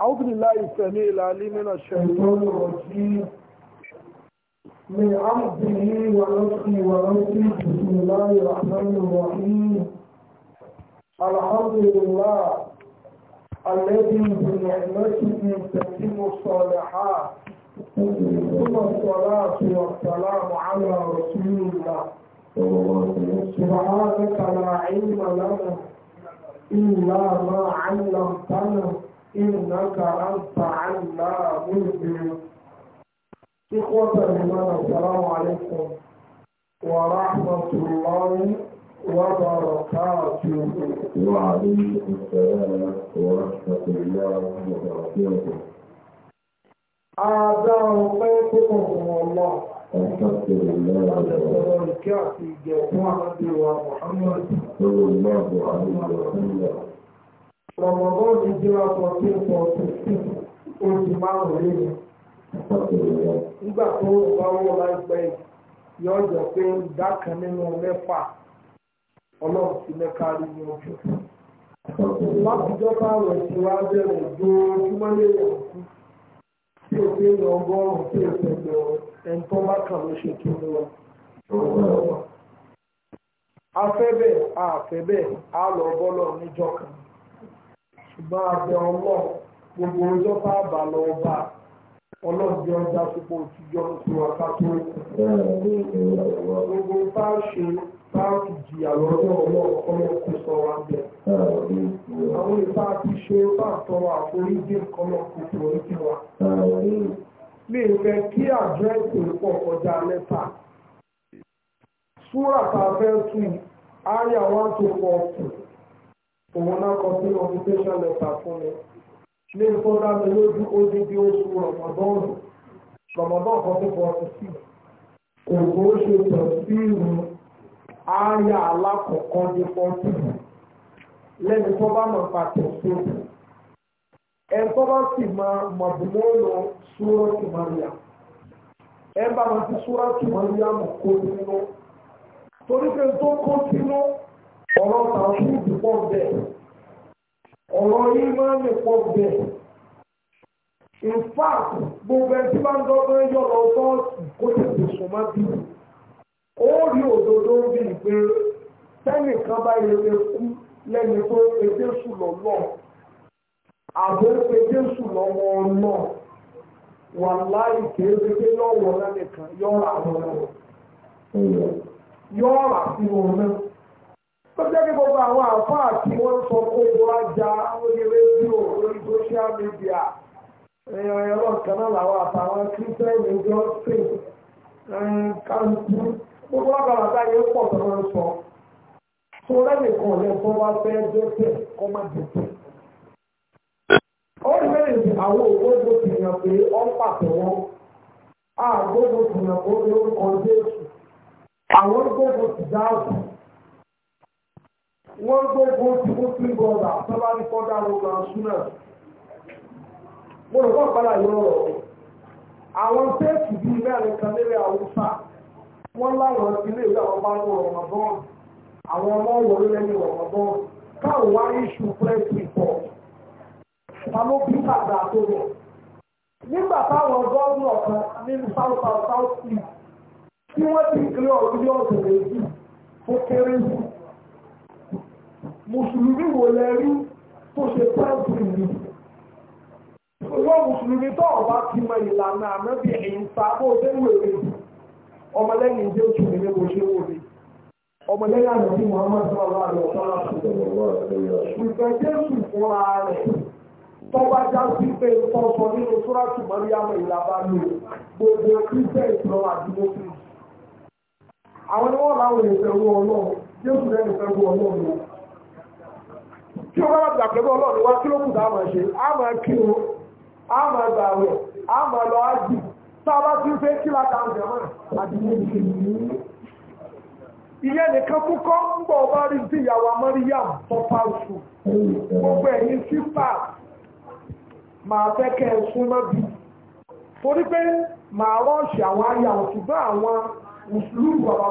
أعوذ بالله السميع العليم من الشيطان الرجيم من عبده ونفسي ونفسي بسم الله الرحمن الرحيم الحمد لله الذي بنعمته تتم الصالحات ثم الصلاة والسلام على رسول الله سبحانك لا علم لنا إلا ما علمتنا إنك أنت علام الغيوب إخوة الإيمان السلام عليكم ورحمة الله وبركاته وعليكم السلام ورحمة الله وبركاته أعزائي الله الحمد لله صلى الله عليه وسلم رمضان ìjọra tọ̀tí tọ̀tí oṣù márùn-ún lẹ́yìn nígbà tó bá wọ́n láìpẹ́ yóò jẹ́ pé ìdá kan nínú mẹ́fà ọlọ́run ti mẹ́kárí ní ojú látijọ́ bá rẹ̀ ti wá bẹ̀rẹ̀ tí o béèrè ọgọ́rùn-ún tí o tẹ̀lé ọ ẹni tó má kà ló ṣe kí ni a afẹ́bẹ̀ àfẹ́bẹ̀ á lọ bọ́lọ̀ níjọ́ kan ṣùgbọ́n abẹ ọlọ́ọ̀ gbogbo ọjọ́ bá bà lọ bá ọlọ́ọ̀dẹ ọjà púpọ̀ òtijọ́ oṣù ọ̀ká tó gbogbo bá ṣe bá jìyà lọ́dọ̀ ọlọ́ọ̀ ọlọ́ọ̀ kó sọ wá bẹ́ẹ̀. Àwọn ìbá ti ṣe bá tọrọ àforíjì kọlọ kò tòrí wa. Mi fẹ́ kí àdírẹ́sì pọ̀ kọjá lẹ́tà. Súrà ta fẹ́ tù áyà tó pọ̀ kù. Òun náà kọ sí invitation letter fún mi. Ní ìfọ́dá mi lójú ó dín bí oṣù Rọ̀mọ̀dọ́ọ̀nù. Rọ̀mọ̀dọ́ọ̀nù kan tó pọ̀ sí. Kò kó ṣe sí ìrù alákọ̀ọ́kọ́ lẹ́ni tó bá mọ̀ pa tẹ̀sí ẹ̀ tó bá sì mọ mọ̀bùmọ́lò súrọ́tì Maryam ẹ̀ bá wọn ti súrọ́tì Maryam kó nínú torí pé tó kó sínú ọ̀rọ̀ tàwọn ìdìbò bẹ́ẹ̀ ọ̀rọ̀ yìí máa ń pọ̀ bẹ́ẹ̀ in fact gbogbo ẹ̀ tí máa ń dọ́gbọ́n yọ̀ lọ sọ́ọ̀sì kó tètè sùn má bí ó rí òdodo ń bì pé sẹ́nìkan bá yẹ kú lẹ́ni tó pe Jésù lọ́lọ́ àbò pe Jésù lọ́wọ́ náà wà láì kéde pé lọ́wọ́ lẹ́nìkan yọ̀ọ̀rà àwọn ọ̀rọ̀ yọ̀ọ̀rà sí wọn náà. Tó jẹ́ kí gbogbo àwọn àfáà tí wọ́n sọ pé ó wá ja lórí rédíò lórí social media ẹ̀yàn ẹ̀rọ kan náà làwọn àtàwọn kírísítẹ́nì jọ sí kàǹtì gbogbo àgbàlagbà yẹn pọ̀ tó wọ́n sọ. tó lẹ́nìkan lẹ́tọ́ wá fẹ́ dẹ́tẹ̀ kọ́ má dẹ́tẹ̀. ó bẹ̀rẹ̀ sí àwọn ògbógbó ti yàn pé ó ń pàtẹ wọn àgbógbó ti yàn pé lórúkọ jésù àwọn gbogbo ti dáàbò wọ́n gbogbo ti mú sí bọ́ọ̀dà sábà ní kọ́dà lọ́gbà ṣúná mo rò wọ́n padà yọ̀rọ̀ àwọn tẹ́ẹ̀kì bíi mẹ́rin kan lérè àwùsà wọ́n láwọn ilé ìwé àwọn bá ń wọ̀ bọ́ọ̀lù. àwọn ọmọ wọlé lẹ́yìn ọ̀rọ̀bọ káwọn wá iṣu press report ta bí bàbá tó nígbà táwọn south south south east tí wọ́n ti ọdún ọ̀sẹ̀ méjì tó kéré sí mùsùlùmí lẹ rí tó ṣe mùsùlùmí tó ọba ti mọ ìlànà ẹ̀yìn ọmọlẹ́yìn jẹ́ òṣèlú ní bó ṣe ọmọlẹ́yà lórí Muhammad sọ́lá àlọ́sọ́lá ṣùgbọ́n Jésù fúnra rẹ̀ tọ́gbà já sí pé tọ́sọ nínú súrátù mọ́ríyàmọ̀ ìlàbá lò gbogbo kíṣẹ́ ìtọ́ àdúgbòkú àwọn ni wọ́n láwọn ìfẹ̀rú ọlọ́run Jésù rẹ̀ ìfẹ̀rú ọlọ́run lọ kí wọ́n bá gbàgbẹ́bẹ́ ọlọ́run wá kí ló kù dáa máa ṣe á máa kí o á máa gbà rẹ̀ á máa lọ ájì tá a bá ti ń fẹ́ kí látàǹdẹ̀ mọ́ àdúgbò Ihe nìkan kúkọ́ ń bọ̀ bá rí sí ìyàwó gbogbo ẹ̀yìn sífà máa fẹ́ kẹ́ súnmọ́ bí torí pé màá rọ́ọ̀ṣì àwọn ayà àwọn mùsùlùmí bàbá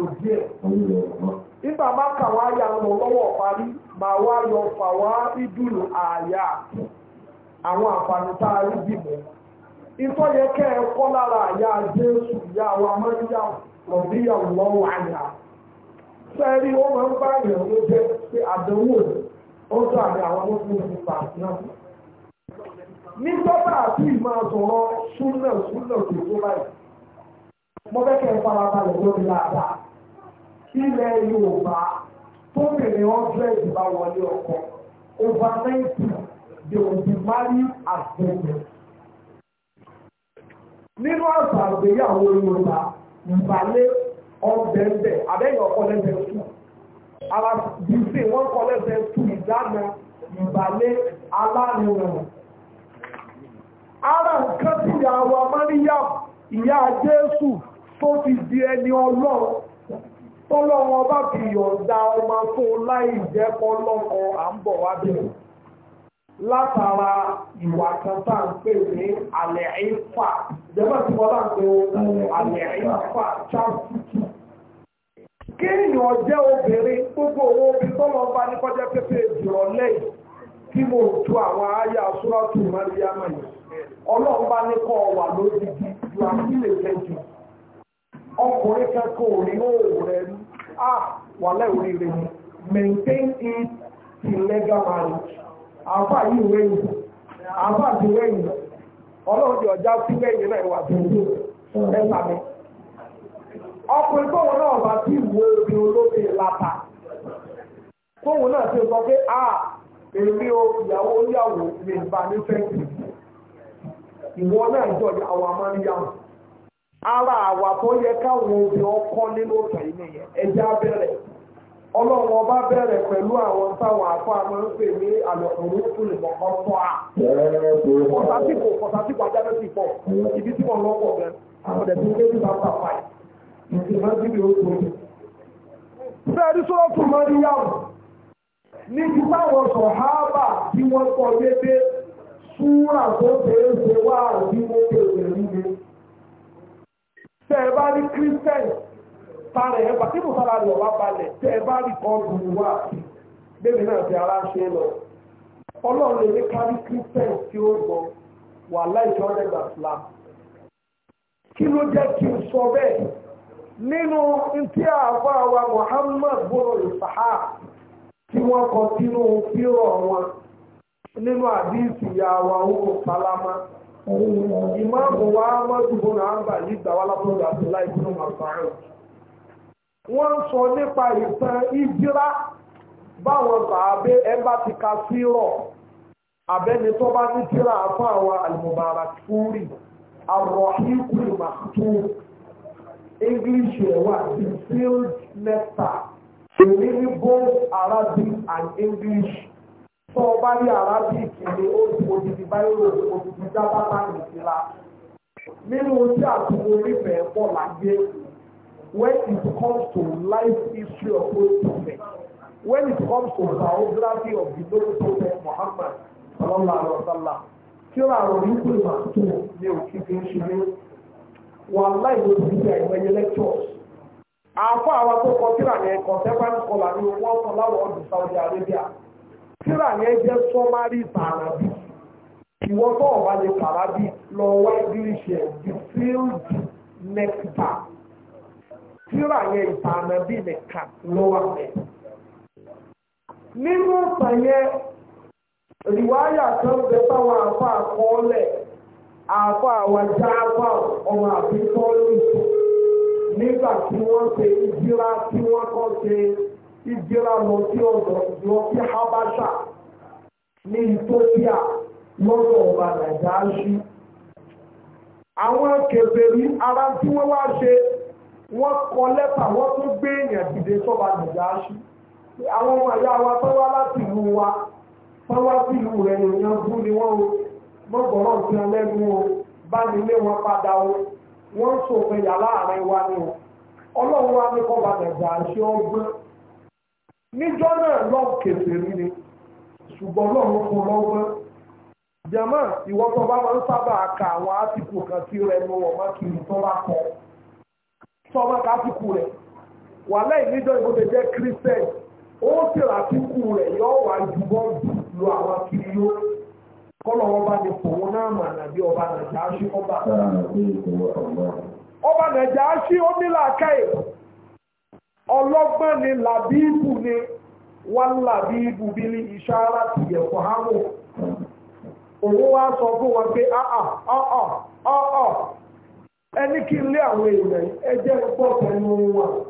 lò díẹ̀ nígbà kà wá ayà lọ lọ́wọ́ parí wá yọ fà wá àyà àwọn àǹfààní tá a rí ìtọ́yẹ kẹ́ ẹ kọ́ lára àyà Jésù rọ̀bí àwọ̀lọ́wọ̀ àyà sẹ́rí wọ́n máa ń bá èèyàn ló jẹ́ pé àdánwò ó sọ àmì àwọn olókùnrin ti pa náà ní sọ́tà àti ìmáa sọ̀rọ̀ súnà súnà tó tó báyìí mo fẹ́ kẹ́ ẹ farabalẹ̀ lórí dáadáa ilẹ̀ Yorùbá tó bèrè hundred bá wọlé ọkọ over ninety they will be married as women nínú àṣà àgbéyàwó Yorùbá ìbálé ọ̀bẹ̀ẹ̀bẹ̀ abẹ́yẹ ọkọ lẹ́sẹ̀ tù ara bìsí wọ́n kọ lẹ́sẹ̀ tù ìdáná ìbálé alárinrìn. ara nǹkan tí ìyàwó amáníyàm ìyá Jésù tó fi di ẹni ọlọ́run tọ́lọ́wọ́n bá fi yọ̀ǹda ọmọ fún láì jẹ́ kọ́ lọ́kọ̀ọ́ à ń bọ̀ wá bẹ̀rẹ̀. látara ìwà kan nke ń pè ní alẹ́ ìfà ìjọba tí wọ́n bá ń pè ohun alẹ́ ìfà cháfùtù. kéèyàn jẹ́ obìnrin gbogbo owó obìnrin tó lọ bá ní kọjá pépé ìdìrọ̀ lẹ́yìn tí àwọn àyà sùràtù màríyámà yìí ọlọ́run bá ní kọ́ wà lójijì ju ọkùnrin kankan ò rẹ̀ ní à wà lẹ́wọ̀n àfà yìí wẹ̀yìn àfà ti wẹ̀yìn ọlọ́run ti ọjà sí wẹ̀yìn náà ìwà tó dé ẹ̀sà mi. ọkùnrin tóun náà bá ti wo obì olóbì lápá tóun náà ti sọ pé a èmi o ìyàwó oníyàwó lè bá ní ìwọ náà jọ àwọn amáníyàwó ara tó yẹ káwọn obì ọkọ nínú yìí nìyẹn ọlọ́run ọba bẹ̀rẹ̀ pẹ̀lú àwọn táwọn àfọ́ àmọ́ ń ní àlọ́kùnrin tó lè mọ̀ kán tọ́ à. ajáde ti pọ̀ ibi tí wọ́n lọ́pọ̀ bẹ́ẹ̀ àwọn ẹ̀dẹ̀ tó lébi bá bá ìdí máa táwọn tí wọ́n kọ́ tó ṣe wá tààrà ẹ̀bà tí mo sára rẹ̀ wá balẹ̀ tẹ́ ẹ bá rí ṣe lọ ọlọ́run lè ní kárí christian tí ó gbọ́ wà láìsí ọ̀rẹ́ gbà kí ló jẹ́ kí n sọ bẹ́ẹ̀ nínú ntí àbá wa Muhammad bọ́lọ̀ ìfàhà tí wọ́n kọ sínú palama ìmáàmù wa yìí gbà wá màfàáhùn. wọ́n ń sọ nípa ìtàn ìjírá báwọn sàábé ẹgbà ti ka sírọ̀ abẹ́ni tó bá ní tíra fún àwọn àlùmọ̀bàrà túrì àròhíkù màtú english ẹ̀wà the field nectar èmi ní both arabic and english tó o bá ní arabic ní odidi báyọ̀ odidi jábátá nìkìlá nínú tí àtúwò nífẹ̀ẹ́ when it comes to life history of old prophet, when it comes to biography of the noble prophet Muhammad sallallahu alaihi wasallam, tí ó rà rọ̀ ní pé màá tó ní òkè fi ń ṣeré. Wọ́n láì ló ti di àìmọye lectures. Àfọ́ àwọn tó kọ tíra yẹn contemporary scholar láwọn ọdún Saudi Arabia. Tíra yẹn jẹ́ sọ́márì tààràbí. Ìwọ́n tó ọ̀bá lè tààràbí lọ the field tíra yẹn ìtààmà bí nìkan ló wà mẹ́. nínú ìtàn yẹn rìwáyà kan bẹ táwọn àfa àkọọ́lẹ̀ àfa àwàjá àfa ọmọ àbíkọ́lù nígbà tí wọ́n ṣe ìjíra tí wọ́n kọ́ ṣe ìjíra lọ sí ọ̀dọ̀ lọ sí habasha ní Ethiopia lọ́dọ̀ ọba nàìjíríà ṣí. àwọn kèfèrí ara tí wọ́n wá ṣe wọ́n kọ lẹ́tà wọ́n tún gbé èèyàn dìde sọ́ba nàìjíríà àwọn ọmọ ìyá wa tó láti ìlú wa tó wá sí ìlú rẹ̀ èèyàn bú ni wọ́n o mọ́gbọ̀nrán ti hàn lẹ́nu o bá wọn padà o wọ́n ń yàrá àárín wa ni o ọlọ́run wa ní kọ́ba níjọ́ náà lọ́ọ̀ sọmọ kásìkù rẹ̀ wà lẹ́yìn níjọ́ ìbò tẹ jẹ́ christian ó sì ràtìkù rẹ̀ yọ wà ju bọ́ọ̀dù lu àwọn kiri yó kọ́lọ̀ ọba ní fòun náà mà nàbí ọba nàjà áṣí ọba. ọba nàjà áṣí ó ní làákàyè ọlọ́gbọ́n ni làbíìbù ni wọ́n làbíìbù bí ní iṣẹ́ láti yẹ̀kọ́ hámù òun wá sọ fún wọn pé áà áà áà ẹni kí n lé àwọn èèyàn ẹ jẹ́ pọ̀ wọn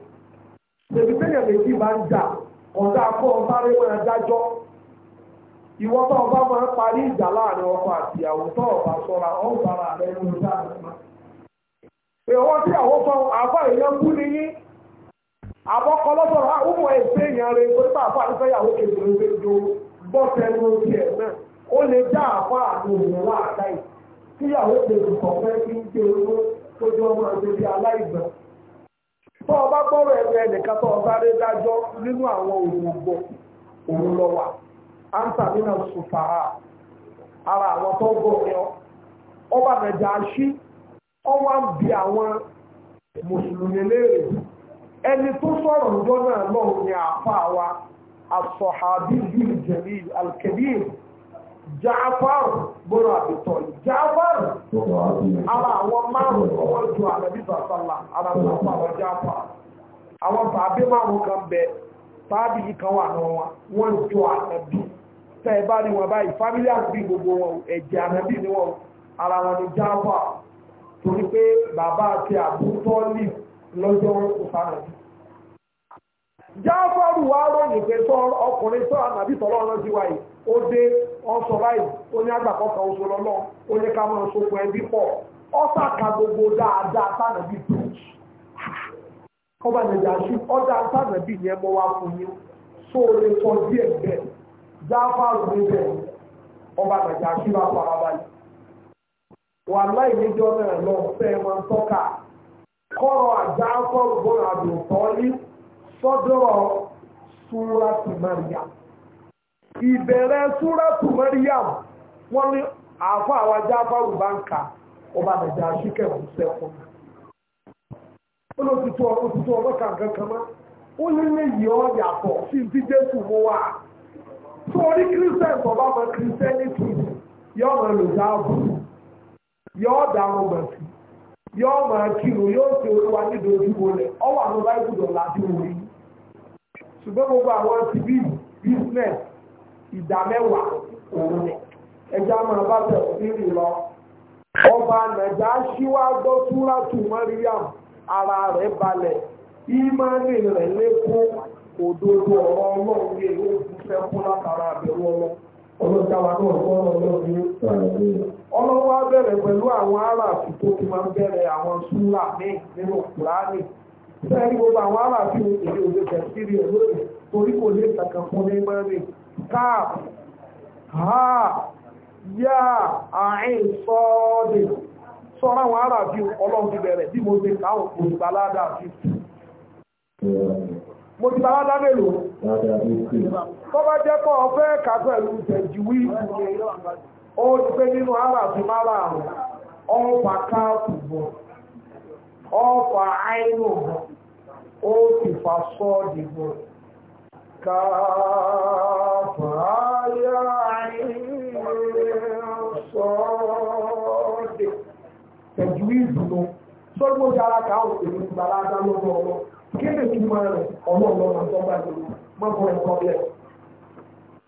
tèmi tẹ́yàn méjì bá ń jà ọ̀dà kọ́ ọba rẹ máa dájọ́ ìwọ tó ọba máa parí ìjà láàrin ọkọ àti ìyàwó tó ọba sọra ń bára rẹ ní tí àwọn fọ àbá èèyàn kú ni yín àwọn ah, èèyàn rẹ àbá àdúgbò ìyàwó rẹ ojú náà ó lè já àbá àdúgbò láàdá yìí tójú ọmọ ẹgbẹ́ ala tó ọba bá gbọ́rọ̀ ẹ̀rọ ẹnìkan tó o dájọ́ nínú àwọn òmùgbọ̀ òun lọ wà ara àwọn tó gbọ́ ọba mẹjà aṣí ọwọ́ ń bi àwọn mùsùlùmí léèrè ẹni tó sọ̀rọ̀ náà ni wa asọ̀hábí bíi Jaafar bọ́rọ̀ àbítọ́ Jaafar ara àwọn márùn ọwọ́ ju àlẹ́bí sàṣàlà ara àwọn àwọn Jaafar àwọn tàbí márùn kan bẹ tàbí kan wà náà wọ́n ju àlẹ́bí tẹ́ ẹ bá wọn báyìí fámílì àbí gbogbo wọn ẹ̀jẹ̀ àlẹ́bí ni wọn ara wọn ni Jaafar torí jáfàrù wà ròyìn pé tó ọkùnrin tó ànàbí tọ́lọ́ ọ̀rọ̀ wáyé ó dé ọ̀sọ̀ báyìí ó ní àgbàkọ́kọ́ oṣù lọ́lọ́ ó ní ká máa sopọ̀ ẹbí pọ̀ ọ̀sà ka gbogbo dáadáa sànàbí preach ọba nàìjíríà sí ọ̀dà sànàbí yẹn mọ́ wá fún yín só lè díẹ̀ bẹ́ẹ̀ jáfàrù sí wà láì níjọ́ náà lọ máa sọ́dọ̀ súrátù Maryam ìbẹ̀rẹ̀ súrátù Maryam wọ́n ní àfọ́ banka jáfáwù bá ń ọ ó ti tó ọlọ́kà kankan mọ́ ó ma ọmọ lòdà ààbò yọ ọdà àwọn gbàtì yọ ọmọ akínú yóò ṣe olúwa nídòójú ṣùgbọ́n gbogbo àwọn ti bí business ìdá ni ẹja máa bá tẹ̀ lọ. ọba nàìjà ṣíwájú Mariam ara rẹ̀ balẹ̀ ìmánì rẹ̀ lékún òdodo ọ̀rọ̀ ọlọ́run yẹn ó ti fẹ́ látara àbẹ̀wò ọlọ́ náà bẹ̀rẹ̀ pẹ̀lú àwọn tó ti máa bẹ̀rẹ̀ àwọn míì nínú Kùránì sẹ́yìn gbogbo àwọn ará tí mo tètè òde tẹ̀síìrì ẹ̀ lónìí torí kò lè kankan fún ní mọ́ni káàp ha yá àìn sọ́ọ̀dì sọ́ra àwọn ará tí ọlọ́run ti bẹ̀rẹ̀ bí mo ṣe káwọn olùgbàládà àti mo ti balada mélòó tó bá jẹ́ pọ̀ ọ̀fẹ́ ẹ̀ka pẹ̀lú tẹ̀jìwí ó ti pé nínú ará tí má rà àrùn ọ̀pá káàpù ọ̀fà àìlò ó ti fà sọ dìbò káfà yá sọ́ọ̀dẹ̀ pẹ̀jú ìdùnnú sọ́gbọ́n ti ara káwọn èmi gbàlá dá lọ́wọ́ ọlọ́ kí ni túmọ̀ rẹ̀ ọlọ́ọ̀lọ́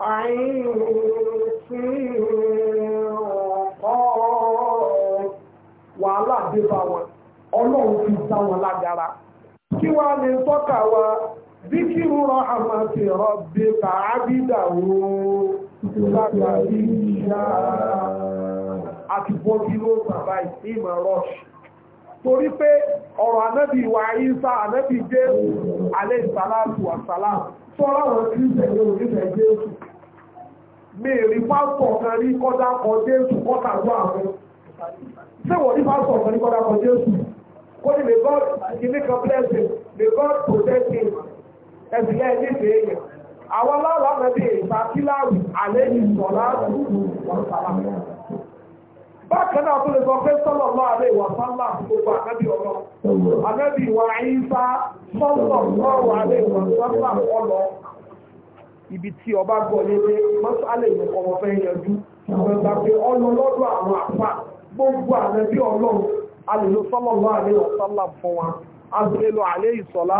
عين wàhálà dé bá wọn ọlọ́run fi dá wọn lágara kí wá lè tọ́ka wa bí kí n rọ àmàtì rọ̀bì ká ábídà wo lágbàdì ìyá àti bọ́bí bàbá rush torí pé ọ̀rọ̀ anábì wa ìsá jésù alẹ́ ìsàlátù sọ́ra wọn kí ń tẹ̀lé jésù mi rí pásítọ̀ kan rí kọ́dá kan jésù kọ́ta ló àwọn ṣé wọ́n rí pásítọ̀ kan rí kọ́dá kan jésù kó ní may God give me blessing may God protect him ẹ̀sìn yẹn ní ìfẹ́ yẹn àwọn aláwọ̀ àmọ́bí ìfàkíláàrù àlẹ́ ìsọ̀lá àdúgbò wọn sára bákan náà tó lè sọ pé sọ́lọ̀ lọ́ àlẹ́ ìwà sálà gbogbo ànábì ọlọ́ ànábì ìwà àyíṣà sọ́lọ̀ lọ́rùn àlẹ́ ìwà sálà ọlọ́ ibi tí ọba gbọ́ lédè mọ́sálẹ̀ ìlú ọmọ fẹ́ yanjú àwọn ìgbà pé ọ̀nà lọ́dọ̀ àwọn àpá gbogbo àwọn bí ọlọ́run alèlò sọ́lọ́lọ́ àlè ọ̀sálà fún wa alèlò àlè ìsọ̀lá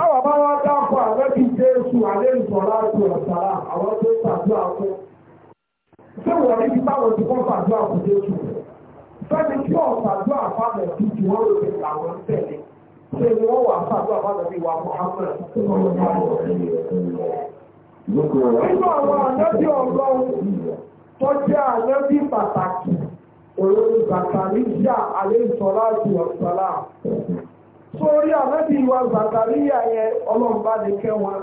táwọn bá wá dákọ̀ àrẹ́bí jésù àlè ìsọ̀lá àti ọ̀sálà àwọn tó tàbí àkó tí wọ́n Fẹ́mi tí ọ̀sàdó àfàbẹ̀ tí tí wọ́n lè làwọn tẹ̀lé. Ṣé ni wọ́n wà àfàdó àfàbẹ̀ bí wà Mùhàmmad? Nínú àwọn ànábì ọlọ́run tó jẹ́ ànábì pàtàkì, òun ni Zakariya Alẹ́sọ̀lá àti Ọ̀sọ̀lá. Sórí ànábì wa Zakariya yẹn ọlọ́mbà ní kẹwọn.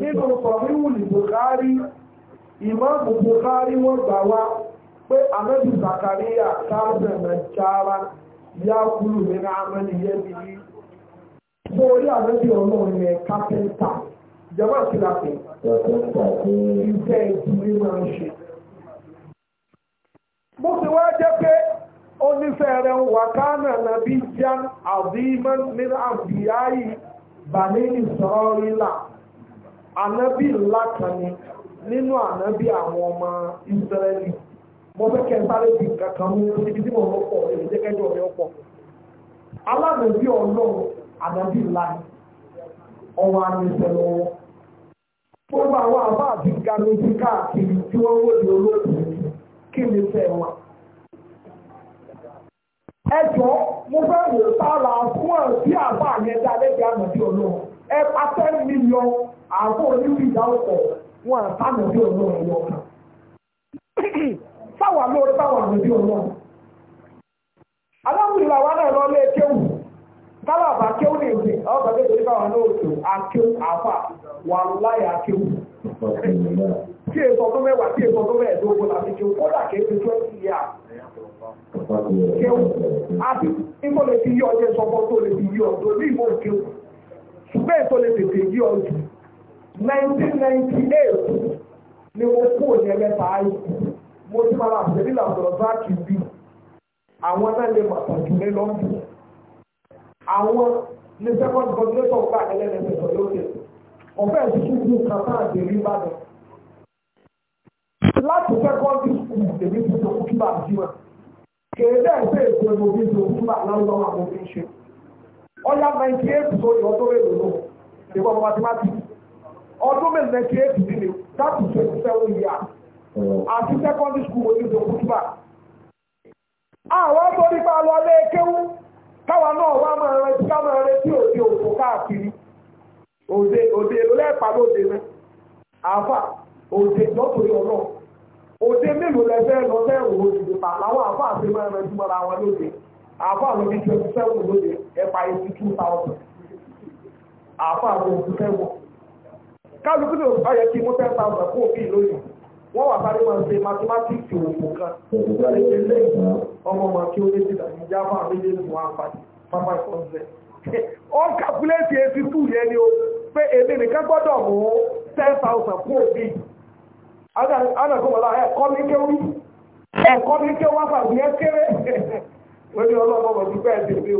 Nínú sọ̀rí wùlì Bùkárí, Ìmáàmù Bùkárí wọ́n gbà wá pé ànábì Zakariya káàbẹ̀rẹ̀ jára yá kúrò nínú amẹ́niyẹ́ bí i bó orí ànábì ọlọ́run yẹn kápẹ́ńtà jẹ́wọ́ àtìlápẹ́ ìfẹ́ ìdílé máa ń ṣe. mo sì wá jẹ́ pé onífẹ́ rẹ̀ ń wà kánà nàbí jan àbímọ́ nínú àbíyáyì bàní ìsọ̀rọ̀lá ànábì ńlá kan ni nínú ànábì àwọn ọmọ Ísírẹ́lì. mo fẹ́ kẹ́ ń sáré bí kankan mú ibi tí mo lọ pọ̀ èyí jẹ́ kẹ́jọ mi ọ̀pọ̀ alábẹ̀bí ọlọ́run àdàbí ọwọ́ àmì ìṣẹ̀lẹ̀ wọn bá àwọn àbá àti ganojú káàkiri tí wọ́n ní kí ni fẹ́ wọn. mo fẹ́ wò sára fún àbá yẹn ọlọ́run ẹ táwà lórí táwà lójú ọ̀nà aláwùjọ àwọn náà lọ lé kéwù táwà bá kéwù ní ìwé ọgbà tó torí káwà náà òtò akéwù àfà wà láyà akéwù tí èso ọdún mẹ́wàá tí èso láti kéwù kódà kéwù kéwù lè fi yí tó lè fi yí ní kéwù ṣùgbọ́n èso mo ti máa láti ṣe nílà sọ̀rọ̀ sáàkì bí àwọn náà lè mà tàjú lé lọ́ńdù àwọn ní second coordinator gbà ẹlẹ́dẹ̀ẹ́sẹ̀ sọ lókè ọ̀fẹ́ ìṣúkú kàtà àdèrí ìbàdàn láti secondary school èmi ti sọ fún kíbà jíwà kéde ẹ̀fẹ́ ètò ẹ̀mọ́ bí sọ fún kíbà lọ́wọ́ àwọn òfin ṣe ọ̀yá ninety eight tó yọ ọdún mélòó lọ ìwọ mathematics ọdún mélòó ninety eight nílé that is twenty seven years àti secondary school wo ní ìdòkú túbà àwọn tó nípa lọ lé kéwú káwa náà wá máa retí ká máa retí òde òkú káàkiri òde òde lẹ́ẹ̀pá lóde náà àfà òde lọ́tòrí ọ̀nà òde mélòó lẹ́fẹ́ lọ fẹ́ràn òdìdì pa làwọn àfà àti máa rẹjú mọ́ra wọn lóde àfà lọ bí twenty seven lóde ẹ̀pà eighty two thousand àfà lọ bí twenty seven kálukú ní ọ̀yẹ́ kí mo ten thousand kó òfin lóyún. wọ́n wà sáré wọn ṣe mathematics òkò kan lẹ́yìn lẹ́yìn ọmọ ọmọ ó lé sí ìdájí jáfà o pé èmi nìkan gbọ́dọ̀ mú ten thousand kú òbí. anàkùnmọ̀lá ẹ̀kọ́ mi kéwì ẹ̀kọ́ mi kéwì wá fàbí ẹ kéré wọ́n ní ọmọ ti bẹ́ẹ̀ ti o.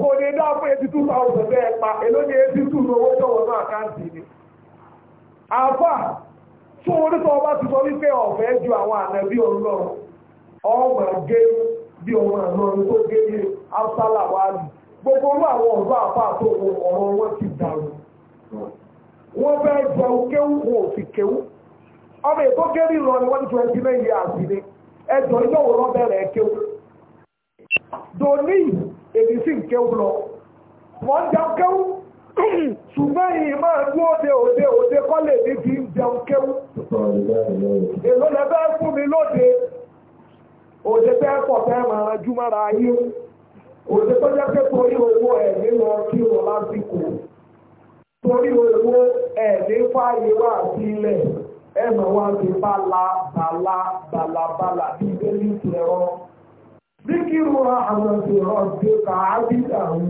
kò ní fún bẹ́ẹ̀ pa tó orí ọba ti sọ wípé ọ̀fẹ́ ju àwọn ànábì ọlọ́run ọmọ gé bí ọmọ àlọ́run tó gé ní absala wa gbogbo orú àwọn ọ̀dọ́ àpá àtò ọ̀rọ̀ wọn ti dàrú wọ́n fẹ́ jẹun kéwú wọn ò sì kéwú ọmọ ètò ẹjọ́ lọ bẹ̀rẹ̀ kéwú dòní èmi sì kéwú lọ wọ́n kéwú ṣùgbọ́n yìí máa ní òde òde òde kọ́ lè ní kí n jẹun kéwú èlò lẹ́bẹ́ fún mi lóde òde tẹ́ pọ̀ tẹ́ máa rajú mára ayé òde tó jẹ́ pé torí owó ẹ̀ nínú kí o lásìkò torí owó ẹ̀ ní fààyè wà sílẹ̀ ẹ̀ máa wá sí bala bala bala bala bí bẹ́lí ìtẹ̀rọ bí kí n ra àwọn ìrọ̀ ṣe kà á bí àwọn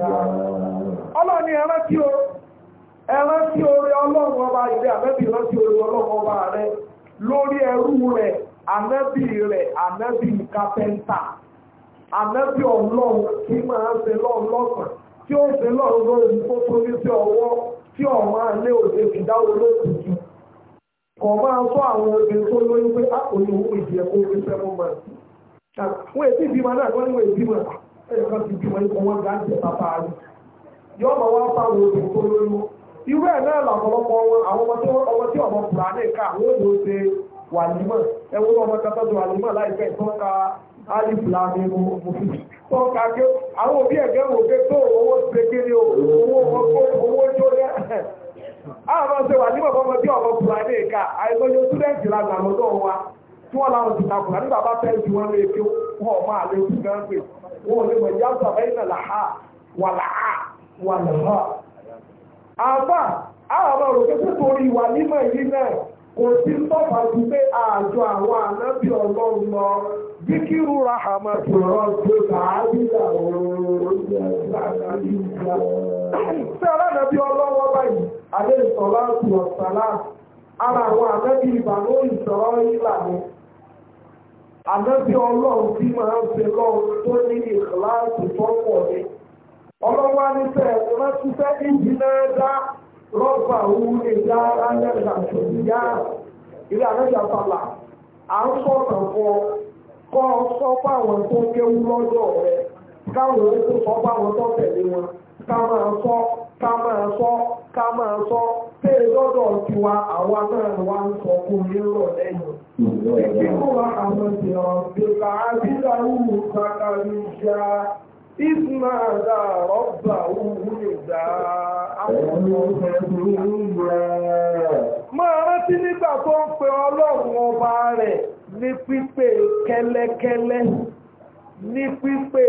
ọlọ́ni ẹran tí o ẹran tí orí ọlọ́run ọba ilé àmẹ́bí ẹran orí ọlọ́run ọba rẹ lórí ẹrú rẹ àmẹ́bí rẹ àmẹ́bí kápẹ́ńtà àmẹ́bí ọlọ́run kí máa ń tí ó ṣe lọ́run lórí tó sí ọwọ́ tí ọ̀ma ẹnìkan ti ju ẹnìkan wọn gà ń tẹ bàbá rẹ yọ ọmọ wọn bá wo òbí tó lóyún irú ẹ̀ náà lọ́pọ̀lọpọ̀ wọn àwọn ọmọ tí ọmọ tí ní ìka àwọn ṣe wà nímọ̀ ẹwọ́n ọmọ wà nímọ̀ láìpẹ́ alifla fi tọ́ka àwọn òbí ẹ̀gẹ́ wò pé tó tí wọ́n láwọn ti takùnà nígbà bá fẹ́ ju wọn lé ọmọ àlẹ́ ojú gan pé wọ́n ò lè mọ̀ ìyá ọ̀sán bẹ́ẹ̀ náà làhà wà làhà wà àwọn ọmọ tó torí wà nímọ̀ yìí náà kò sí tọ́fà ju pé àjọ àwọn ànábì ọlọ́run lọ bí àmọ́ tó ànábì ọlọ́run tí máa ń ṣe lọ́run tó ní ìkìláàsì tọ́pọ̀ ni ọlọ́wọ́ anífẹ́ ránṣẹ́ ìjìnlẹ̀ dá rọ́bà òun ìjà alẹ́gbà ṣòdìyà ilé ànájà fàlà à ń sọ̀rọ̀ fún ọ kọ́ ọ sọ fáwọn tó kéwú lọ́jọ́ rẹ káwọn ó tó sọ fáwọn tó tẹ̀lé wọn ká máa sọ ká máa sọ ká máa sọ pé lọ́dọ̀ tiwa àwa náà wá ń sọ fún mi rọ̀ lẹ́yìn ذكر رحمة ربك عبده فقرشا إذ نادى ربه نداء Máa rántí nígbà tó ń pe Ọlọ́run rẹ̀ má pípé kẹ́lẹ́kẹ́lẹ́, ní pípé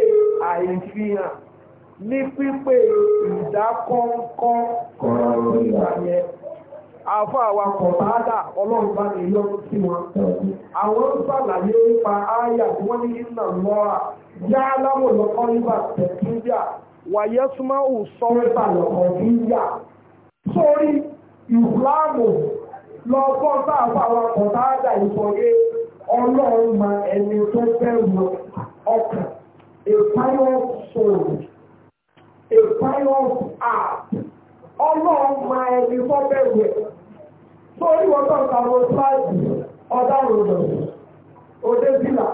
àìfihàn, ní pípé ìdákọ́ńkọ́ afọ àwọn kọ̀tàádà ọlọ́run bá ní ìlọ́run sí wọn àwọn ń sàlàyé nípa ááyà tí wọ́n ní ìnà lọ́ra yá aláwọ̀ lọ́kọ́ nígbà tẹ̀síńdíà wàyẹ́ súnmọ́ ò sọ́rẹ́bà lọ́kọ́ nígbà sórí lọ́kọ́ àwọn ẹni tó a pilot soul a pilot ọlọ́run ẹni sórí wọn tó ń ta ro sáàdì ọ̀dà ròdò òde bílà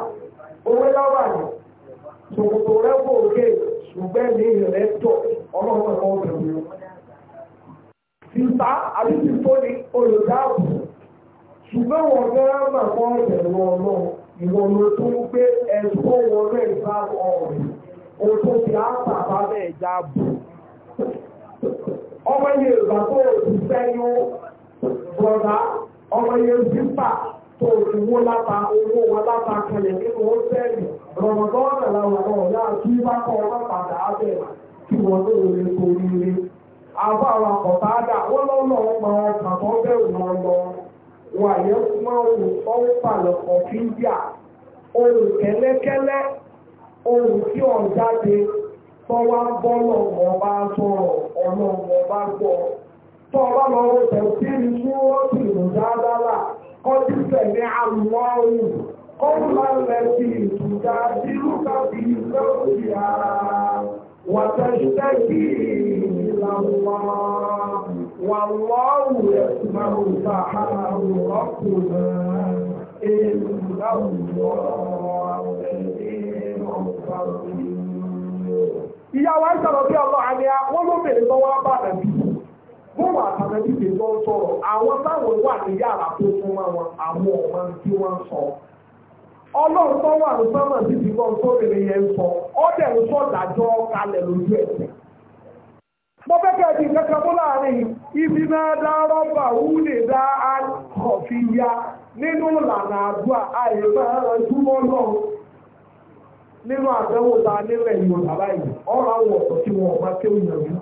owó láwà ní ṣòkòtò rẹ kò gé ṣùgbọ́n ní ìrẹ́ tọ̀ ọlọ́run ẹ̀kọ́ obìnrin. Ìta àbí ti tó ní olùdáàbò ṣùgbọ́n wọn fẹ́ràn mà kọ́ ẹ̀rọ ọlọ́run ìwọ̀n ló tó ń gbé ẹ̀sùn wọn rẹ̀ bá ọ̀rẹ́ oṣù tí a ń bàbá bẹ́ẹ̀ já bù. Ọmọ ilé ìgbà tó òṣìṣẹ́ yóò bọ̀dá ọmọ yẹn zípa tó ìwó láta owó wọn láta kalẹ̀ nínú hòtẹ́ẹ̀lì rọ̀mọ̀dọ́ọ̀nà làwọn ọ̀yá kí bá kọ́ ọmọ padà kí wọ́n ló àbá àwọn wọ́n lọ́nà bẹ̀rù wọn lọ wà yẹn fún àwọn olùkọ́ńpàlẹ̀ ọ̀fíńdíà ohun kẹ́lẹ́kẹ́lẹ́ ohun tí tọ́wá bọ́lọ̀ sọ̀rọ̀ gbọ́ tó ọba lọ wo tẹ̀sí ní súwọ́tì ìmùdádára kọjú tẹ̀lé àlùmọ́ọ̀hún ó ń lọ lẹ́sí ìtùdá dírú káfí lọ́sí ara wàtẹ́sítẹ́kì ìlànà wàlọ́ọ̀hù ẹ̀sùn máa ń ta àrùn rọ́kùnrin Ìyá wa ń sọ̀rọ̀ bí ọlọ́ àmì àwọn olóbìnrin tó wá bá nàbí. wọ́n wà àtàwọn ìdíje tó ń sọ̀rọ̀ àwọn táwọn wà ní yàrá tó fún wọn àwọn ọmọ tí wọ́n sọ. ọlọ́run tó wà ní sọ́mọ̀ ìdíje tó ń yẹn ń sọ ọ̀dẹ̀ ń sọ dájọ́ kalẹ̀ lójú ẹ̀sẹ̀. mo fẹ́ kẹ́ ya nínú ìlànà àdúrà àìlè máa ń nínú àdánwò ta nílẹ̀ Yorùbá ọ̀rọ̀ àwọn tí wọn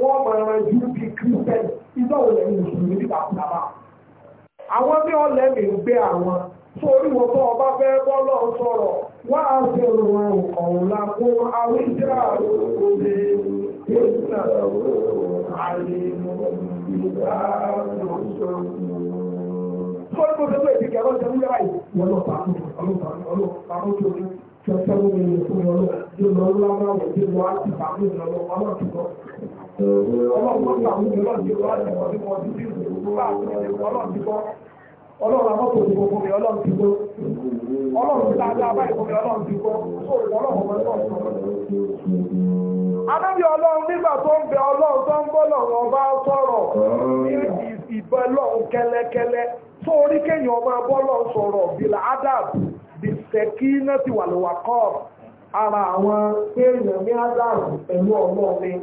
wọ́n mọ̀ ẹ̀rọ ìlú bí Christian iná ò lẹ́yìn mùsùlùmí nígbà kúta bá. àwọn ní ọ̀lẹ́ mi ń gbé àwọn sórí wọn tó ọba fẹ́ bọ́ lọ sọ̀rọ̀ wá á ṣe òun ọ̀hún lápò àwíjà òde ìgbà àlè ìgbà lọ́sọ̀rọ̀. sórí mo fẹ́ pé ìdíkẹ́ lọ́sẹ̀ ń yára yìí wọ́n lọ pa ọlọ́pàá ọlọ́pàá ọlọ́pàá sọ́kọ́ mi ò fún ọ lọ bí mo lọ́wọ́ àwọn ìdílé wa ti bá mi lọ́wọ́ ọlọ́tún lọ. Ọlọ́run ọlọ́run ọmọ nígbà tó ń bẹ ọlọ́run tó ń bọ́ lọ́run ọba ní ìbọn lọ́run Kẹlẹkẹlẹ Tó orí kéèyàn ọmọ ẹbọ́ lọ́run sọ̀rọ̀ bìlà Adab, náà ti wà Ara àwọn pé èèyàn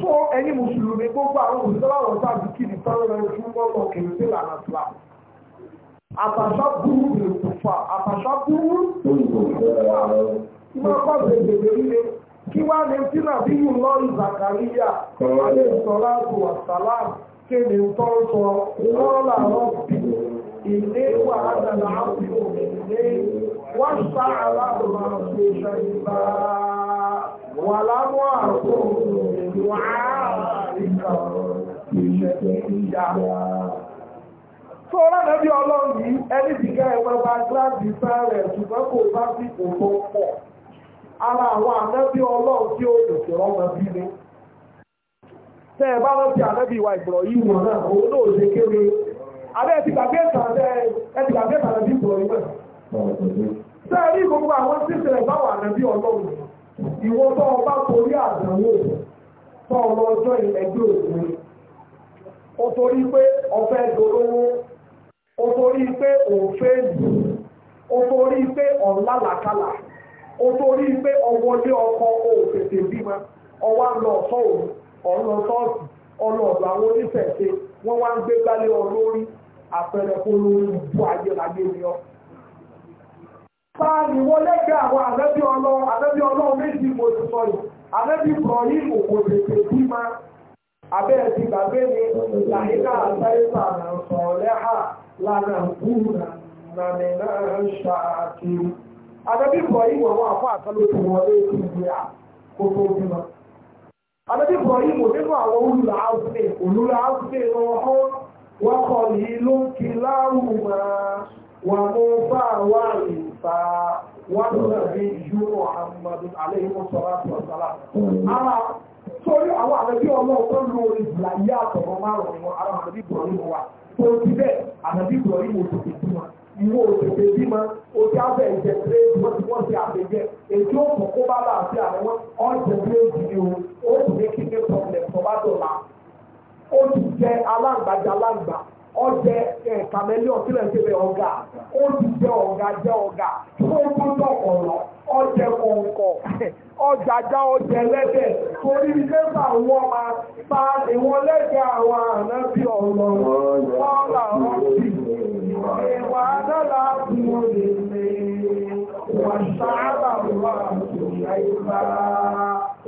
fún ẹni mùsùlùmí gbogbo àwọn òṣìṣẹ́ àwọn ọ̀sán àti kìnnì sọ́rọ̀ rẹ̀ fún bọ́ọ̀lù kìrìsì lànà sílá àtàṣà burú lè kò fà àtàṣà burú ìmọ̀ ọkọ̀ bèbèrè ilé kí wá ní tí náà bí yìí lọ ìzàkàríyà alẹ́ ìsọ̀lá àti wàsálà kéde tó ń sọ lọ́ọ̀là rọ́ọ̀bì ilé wàhálà láàbùkù ilé وسع لهما في شيبا ولم nàbí ọlọ́run yìí, ẹni ẹwẹ́ bá ṣùgbọ́n kò bá sí kò tó pọ̀. Ara àwọn ànábí ọlọ́run tí ó lè ṣe ọmọ bí ní. Tẹ́ ẹ bá rántí ànábí ìwà ìgbọ̀rọ̀ yìí wọ̀n náà, òun náà ṣe kéré. Abẹ́ sẹ́ẹ̀rí gbogbo àwọn tí ìṣẹ̀lẹ̀ bá wà lẹ́bí ọlọ́run ìwọ tó o bá torí àdánwò tó o lọ ọjọ́ ẹgbẹ́ òkú o torí pé ọ̀fẹ́ dolówó o torí pé òfé lù o torí pé ọ̀làlàkàlà o torí pé ọwọ́lé ọkọ òfètè bímọ ọwá lọ sọ òun ọ̀nà sọ́ọ̀sì ọ̀nà ọ̀dọ̀ àwọn onífẹ̀ẹ́ ṣe wọ́n wá ń gbé gbálé ọ lórí àpẹẹrẹ kó lórí ìbú ayérayé ni ọ́. Báàlì wọ́n lẹ́gbẹ̀ẹ́ àwọn ànábì ọlọ́run, ànábì ọlọ́run méjì mo ti sọ yìí, ànábì Ibrahim tètè bí ma. Abẹ́ ẹ̀sìn gbàgbé ni Làhídà Sáyẹ́sà nà sọ̀rẹ́ hà lànà gbúra nàmì náà ṣàkiri. Ànábì Ibrahim àwọn àfọ àkọlù tó wọlé tó bí ma. nínú àwọn olùlà áùsìn, olùlà áùsìn kọ̀ yìí ló ń kí wà mú wọ́n nàbí yúrò Muhammadu aléhìmọ́sọ́lá sọ̀sọ́lá. Mm. Ara sórí àwọn àbẹ̀bí ọlọ́run tó lo ìlàyé àtọ̀rọ̀ márùn-ún wọn ara àbẹ̀bí Ibrahim wa. Tó ti bẹ́ẹ̀ àbẹ̀bí Ibrahim ò tètè bí wọn. Ìwọ ò tètè bí wọn. O ti abẹ́ ìjẹ pírẹ́sì wọ́n ti wọ́n ti àbẹ̀jẹ. Èdè òkùn kó bá bá àti àwọn wọn. Ọ̀jẹ̀ pírẹ́sì ni o. Ó sì ní kíkẹ́ pọ̀lẹ̀ tọ́bátọ̀lá. Ó ti jẹ aláǹgbàjà aláǹgbà. ọjẹ kàmẹ́líọ̀n tí lè ń tẹ̀lé ọ̀gá ó ti jẹ ọgá jẹ ọgá tó tó tọkọ̀ ọjẹ kọ̀ǹkọ̀ ọjàjà ọjẹ lẹ́dẹ̀ torí nígbà wọn ma pa ìwọ̀n lẹ́dẹ̀ àwọn àná bí ọ̀rọ̀ wọn ìwà àdàlà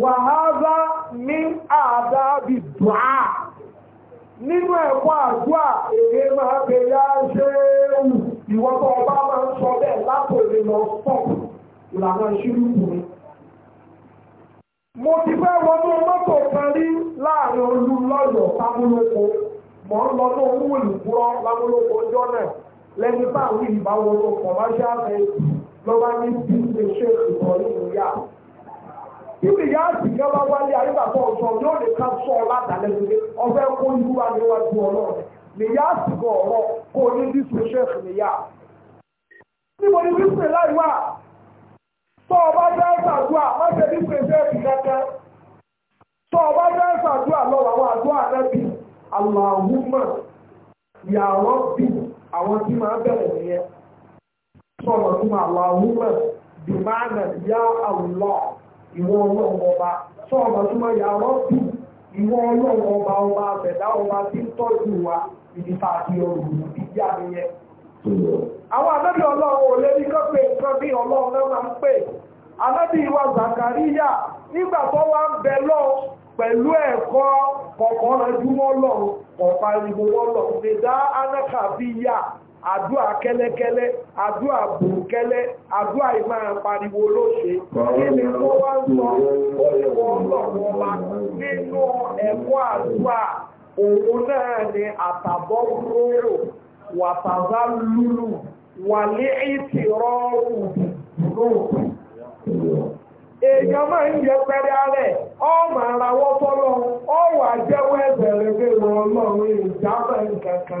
wàhálà ní àdábì dùá nínú ẹ̀kọ́ àdúà èdè máa bèèrè ṣe ewu ìwọ́pọ̀ ọba máa ń sọ bẹ́ẹ̀ látòlè lọ sọ́ọ̀pù ìlànà ìṣirú kùnrin mo ti fẹ́ wọnú mọ́tò kan rí láàrin olú lọ́yọ̀ọ́ lámúlòkó mọ̀ ń lọ ní owó ìlúkúrọ́ lámúlòkó ọjọ́ náà lẹ́ni báwọn ìbáwọlò kọ̀máṣá fẹ́ ní bí ṣe ṣe ìtọ́jú ìyá Ibi ìyá àti ìjọba wálé ayébàtọ̀ ọ̀sọ̀ yóò lè ká sọ ọ látàlẹ́ lórí ọ̀fẹ́ kó irú wa níwájú ọlọ́run. Nìyá àsìkò ọ̀rọ̀ kó ní bísí ṣẹ́ẹ̀fù nìyá. Níbo ni bísí láì wà? Tọ́ ọba jẹ́ ṣàdúrà, má ṣe bísí ṣẹ́ẹ̀fù kankan. Tọ́ ọba jẹ́ ṣàdúrà lọ́wọ́ àwọn àdúrà nẹ́bí. Allahumma ya Rabbi àwọn tí máa bẹ̀rẹ̀ nìyẹn. Sọ̀rọ̀ fún Allahumma bìmánà ya Allah ìwọ ọlọ́run ọba sọ ọmọ tó máa yà rọ́ọ̀bù ìwọ ọlọ́run ọba ọba àbẹ̀dá ọba tí ń tọ́jú wa ibi tá a ti ọrùn ibi yá mi yẹn. àwọn anábì ọlọ́run ò lé ní kán pé nǹkan bí ọlọ́run náà máa ń pè anábì wa Zakariya nígbà tó wá ń bẹ lọ pẹ̀lú ẹ̀kọ́ kọ̀ọ̀kan rẹ̀ dúró lọ́run kọ̀ọ̀kan ìgbòho lọ́run lè dá anákàbíyà àdúà kẹ́lẹ́kẹ́lẹ́ àdúà bùrùkẹ́lẹ́ àdúà ìmá pariwo lóṣe kí ni tó wá ń sọ ó ní wa nínú ẹ̀kọ́ àdúà òun náà ni àtàbọ̀ rúrò wàtàbá lúlù wàlé lóòrùn èèyàn máa ń ọ máa rawọ́ fọ́lọ́ ọ wà jẹ́wọ́ ẹ̀bẹ̀rẹ̀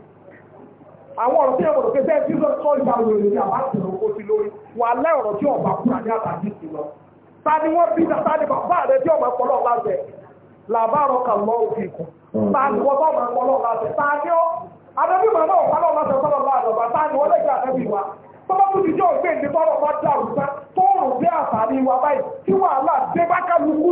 àwọn ọ̀rọ̀ tí ẹ mọ̀ lókè sẹ́yìn Jesus sọ ìgbà wo èrè ní àbáṣe lóko sí lórí wà lẹ́ ọ̀rọ̀ tí ọba kúrà ní àtàkì sí lọ ta ni wọ́n bí ta ni bàbá rẹ tí ọba ọpọlọ ọba jẹ làbárọ̀ kà lọ òfin kù ta ni wọ́n bá ọba ọpọlọ ọba jẹ ta ni ó adébí màmá ọpọlọ ọba jẹ sọlọ ọba àjọba ta ni wọ́n lè adébí wa tọ́lá tó ti jẹ́ ògbé ìdí ọba dàrú sá tó rùn dé àtàrí wa báyìí tí wàhálà dé bá kálukú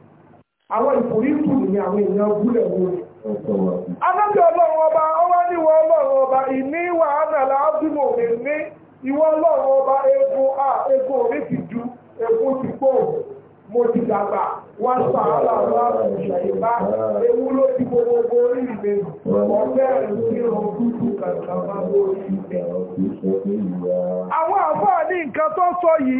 àwọn ìkòríkù ní àwọn èèyàn gúlẹ̀ wọn. Anábì ọlọ́run ọba, ó wá ní ìwọ ọlọ́run ọba, ìní ìwà ánàlá ádùmọ̀ mi ní ìwọ ọlọ́run ọba egun a egun mi ti ju egun ti gbò. Mo ti dàgbà, wá sàálà wá ṣàyẹ̀bá, ewu ló ti gbogbo orí mi. Ọ̀fẹ́ ìlú ìrọ̀ dúdú kàkà máa lórí ìbẹ̀. Àwọn àfáà ní nǹkan tó sọ yìí,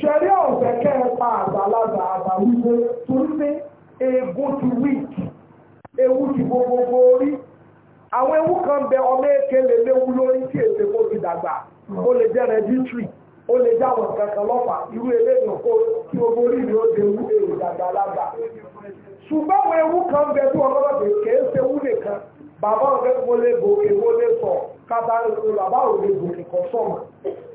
ṣẹ̀rí ọ̀fẹ́ kẹ́ẹ̀pá àgbàlagbà àgbà wíwé torí pé eegun ti wíìkì ewu ti gbogbogbò orí àwọn ewu kan bẹ ọmọ èké lè léwu lórí tí èsè kó ti dàgbà ó lè jẹ́ rẹ́gítírì ó lè jáwọn kankan lọ́pàá irú eléyìn kó tí o orí ni ó déwu èrè àgbàlagbà ṣùgbọ́n àwọn ewu kan bẹ tí ọlọ́wọ́ pé kèé ṣe ewu nìkan bàbá ọ̀gẹ́ mo lè gòkè mo lè sọ kábàárẹ̀ bàbá òde gòkè kan sọ̀mọ̀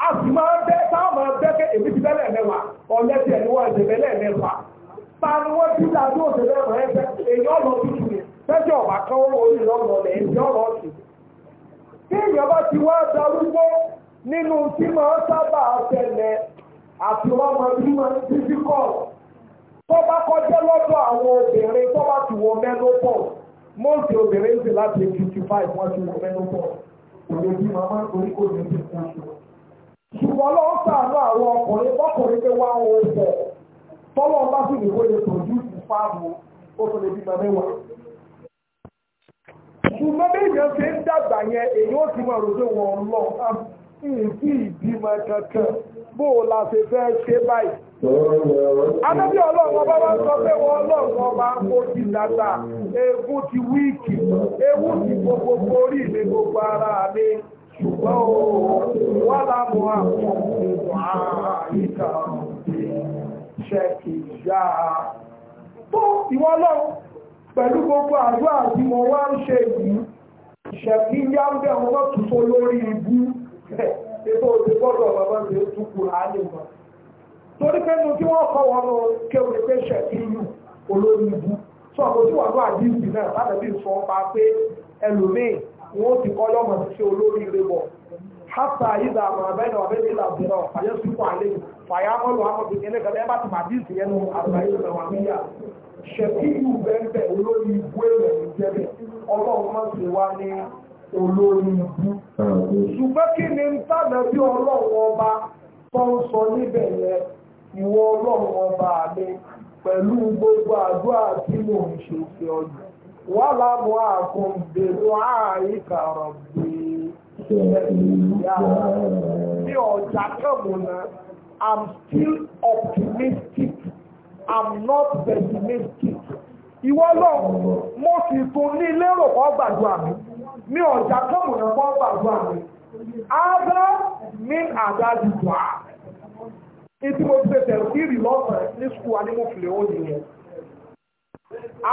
a sì máa bẹ́ táwọn bẹ́kẹ́ èmi ti bẹ́lẹ̀ mẹ́wà ọ̀lẹ́tì ẹ̀ni wọ́n ẹ̀sẹ̀ bẹ́lẹ̀ mẹ́fà ta ni wọ́n ti dá bí òṣèlú ẹ̀mọ̀ ẹ̀fẹ́ èyí ọ̀nà tuntun ni fẹ́jọ́ ọ̀bà kan ó wọ́n ní lọ́nà ọ̀lẹ̀ ẹ̀sì ọ̀rọ̀ ọ̀sìn tí èèyàn bá ti wá darúgbó nínú tí máa sábà tẹ̀lẹ̀ àti wọ́n máa bí máa ti fi kọ́ tó bá kọjá lọ́dọ̀ àwọn obìnrin tó bá ti wọ mẹ́lópọ̀ mọ́ọ̀sì obìnrin ti láti fifty five wọ́n ti wọ mẹ́lópọ̀ òye bí màmá orí kò ní ti kú ṣùgbọ́n lọ́wọ́ sàánú àwọn ọkùnrin bọ́kùnrin pé wá tọ́lọ́ bá sì lè fáàmù ó tó lè mẹ́wàá. ṣùgbọ́n bí ṣe ń dàgbà yẹn èyí ó kankan bó o ṣe fẹ́ ṣe báyìí. Adébí ọlọ́run ọba sọ pé ọlọ́run ewu ti gbogbo orí mi gbogbo ara ṣùgbọ́n o wà láàmú àwọn ìlú àyíká ṣe ìjà tó ìwọ lọ pẹ̀lú gbogbo àdúrà tí mo wá ń ṣe yìí ṣẹ̀kí yá ń bẹ̀ wọ́n tún tó lórí ibú ètò òde gbọ́dọ̀ bàbá mi ó tún kù láàyè wọn torí pé nu kí wọ́n kọ́ wọn lọ kéwòn pé ṣẹ̀kí yù olórí ibú sọ àpótí wà ní àdínkù náà lábẹ́bí sọ pa pé ẹlòmíì wọ́n ti kọ́ lọ́mọ sí olórí ilé bọ̀ hasa ìdá àmọ́ abẹ́nà ọ̀bẹ́ni ìlà bẹ̀rẹ̀ fàyẹ́ súpọ̀ àlẹ́ fàyà mọ́lù amọ̀bí ẹlẹ́gbẹ̀rẹ́ bá ti mà dí ìsìn ẹnu àgbáyé ìrẹ̀wà níyà ṣẹ̀kíyù bẹ́ẹ̀ olórí ibú èrè ní jẹ́bẹ̀ ọlọ́run máa ṣe wá ní olórí ibú ṣùgbọ́n kí ni ń tànà bí ọlọ́run ọba tó ń sọ níbẹ̀ yẹn ìwọ ọlọ́run ọba mi pẹ̀lú gbogbo àdúrà tí mò ń ṣe ṣe ọdún wọ́lá bọ́ àkùn bèrò àìkà rọ̀bì ní ọjà kẹ́mùnà I'm still optimistic I'm not pessimistic ìwọ lọ mo sì tún ní lérò kọ́ gbàdúrà mi ní ọjà kẹ́mùnà kọ́ gbàdúrà mi ada min adájú dùn á. Ìdí mo ti ṣe tẹ̀síìrì lọ́sàn-án ní sùkúù anímọ̀fìlẹ̀ òní yẹn.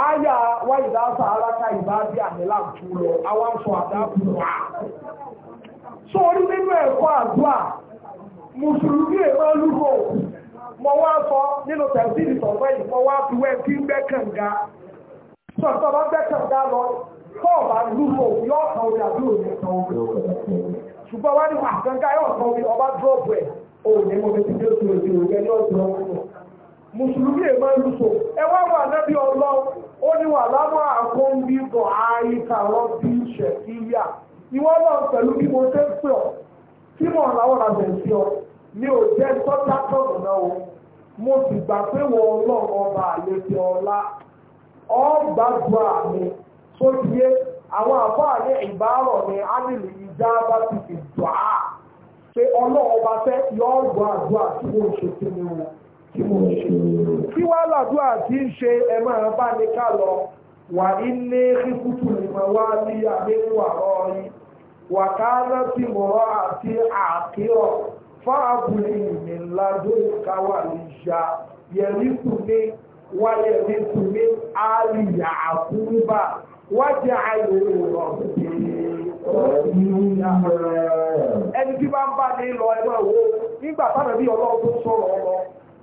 Aya wa ìdá sàárá ká ìbá bí àmìlà kú lọ, sọ àdáàbò wà. Sọ orí nínú ẹ̀kọ́ àdúrà, Mùsùlùmí lúgbò, wá sọ nínú tẹ̀sílì sọ̀fẹ́ yìí, mo wá fi wẹ́ kí ń Sọ̀tọ̀ bá lọ, lúgbò yóò òní Ṣùgbọ́n wá ní yóò musulumi è máa lùsò ẹwà wà nẹ́bí ọlọ́run ó ní wà lábọ́ àwọn bí bọ̀ àìkà rọ́bí ìwọ náà pẹ̀lú bí mo ṣe ń pè ọ́ tí mò àbẹ̀ sí ọ ò jẹ́ náà o mo sì gbà pé ọ àmì ti yé àwọn àbọ̀ ni ánìlì ìjà bá ti fi dùn á pé fẹ́ yọ kí wá làdúrà tí ń ṣe ẹ máa bá ní ká lọ wà ilé kíkútù ìmọ̀ wá ní àdéhùn àrọ́ yìí wà ká rántí mọ̀rọ́ àti àkírọ̀ fáàbùrì ìmìnlájò ìkáwà lè ṣá yẹ̀rí kù ní wáyé rí kù ní àlìyà àkúrúbà wájẹ́ àìlè rọ̀bìnrin ẹni tí bá ń bá ní lọ ẹgbẹ́ òwò nígbà tánàbí ọlọ́run tó sọ̀rọ̀ ọlọ́run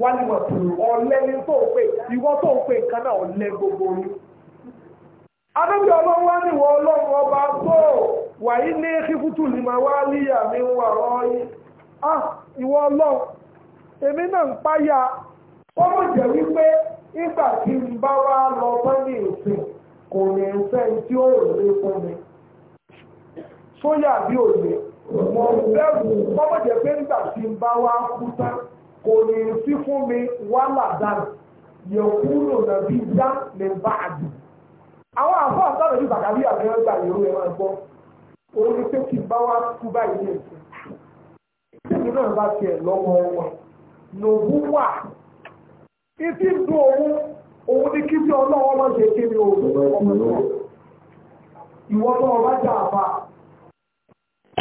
wáníwọ̀ tó ọ̀lẹ́ ní tó pé ìwọ tó pé nǹkan náà ọ̀lẹ́ gbogbo yìí. Adébí ọlọ́run wá níwọ̀ ọlọ́run ọba tó wàyí ní kíkútù ní máa wá líyà mi ń wà ọ́ yìí. À ìwọ ọlọ́run èmi náà ń páyà ó mọ̀ jẹ́ wípé nígbà tí n bá wá lọ tán ní ìsìn kò ní ẹsẹ̀ tí ó lè fún mi. Sóyà bí òye, mo bẹ̀rù ọmọ jẹ́ pé nígbà tí n bá wá kú tán kò ní sí fún mi wàhálà dáná yẹ̀kú lò nàbí dá lè bá àdì. àwọn àfọ àtàrà yìí bàkàrí àgbẹ̀rẹ̀ gbà yẹ̀rọ ẹ̀ máa gbọ́ òun ni pé kí n bá wá kú báyìí ní ìsìn. tèmi náà bá tiẹ̀ lọ́wọ́ wọn lòbú wà ìtì ń dún òun òun ni kí tí ọlọ́wọ́ máa ṣe kí ni òun ọmọ náà ìwọ tó ọba jà àbá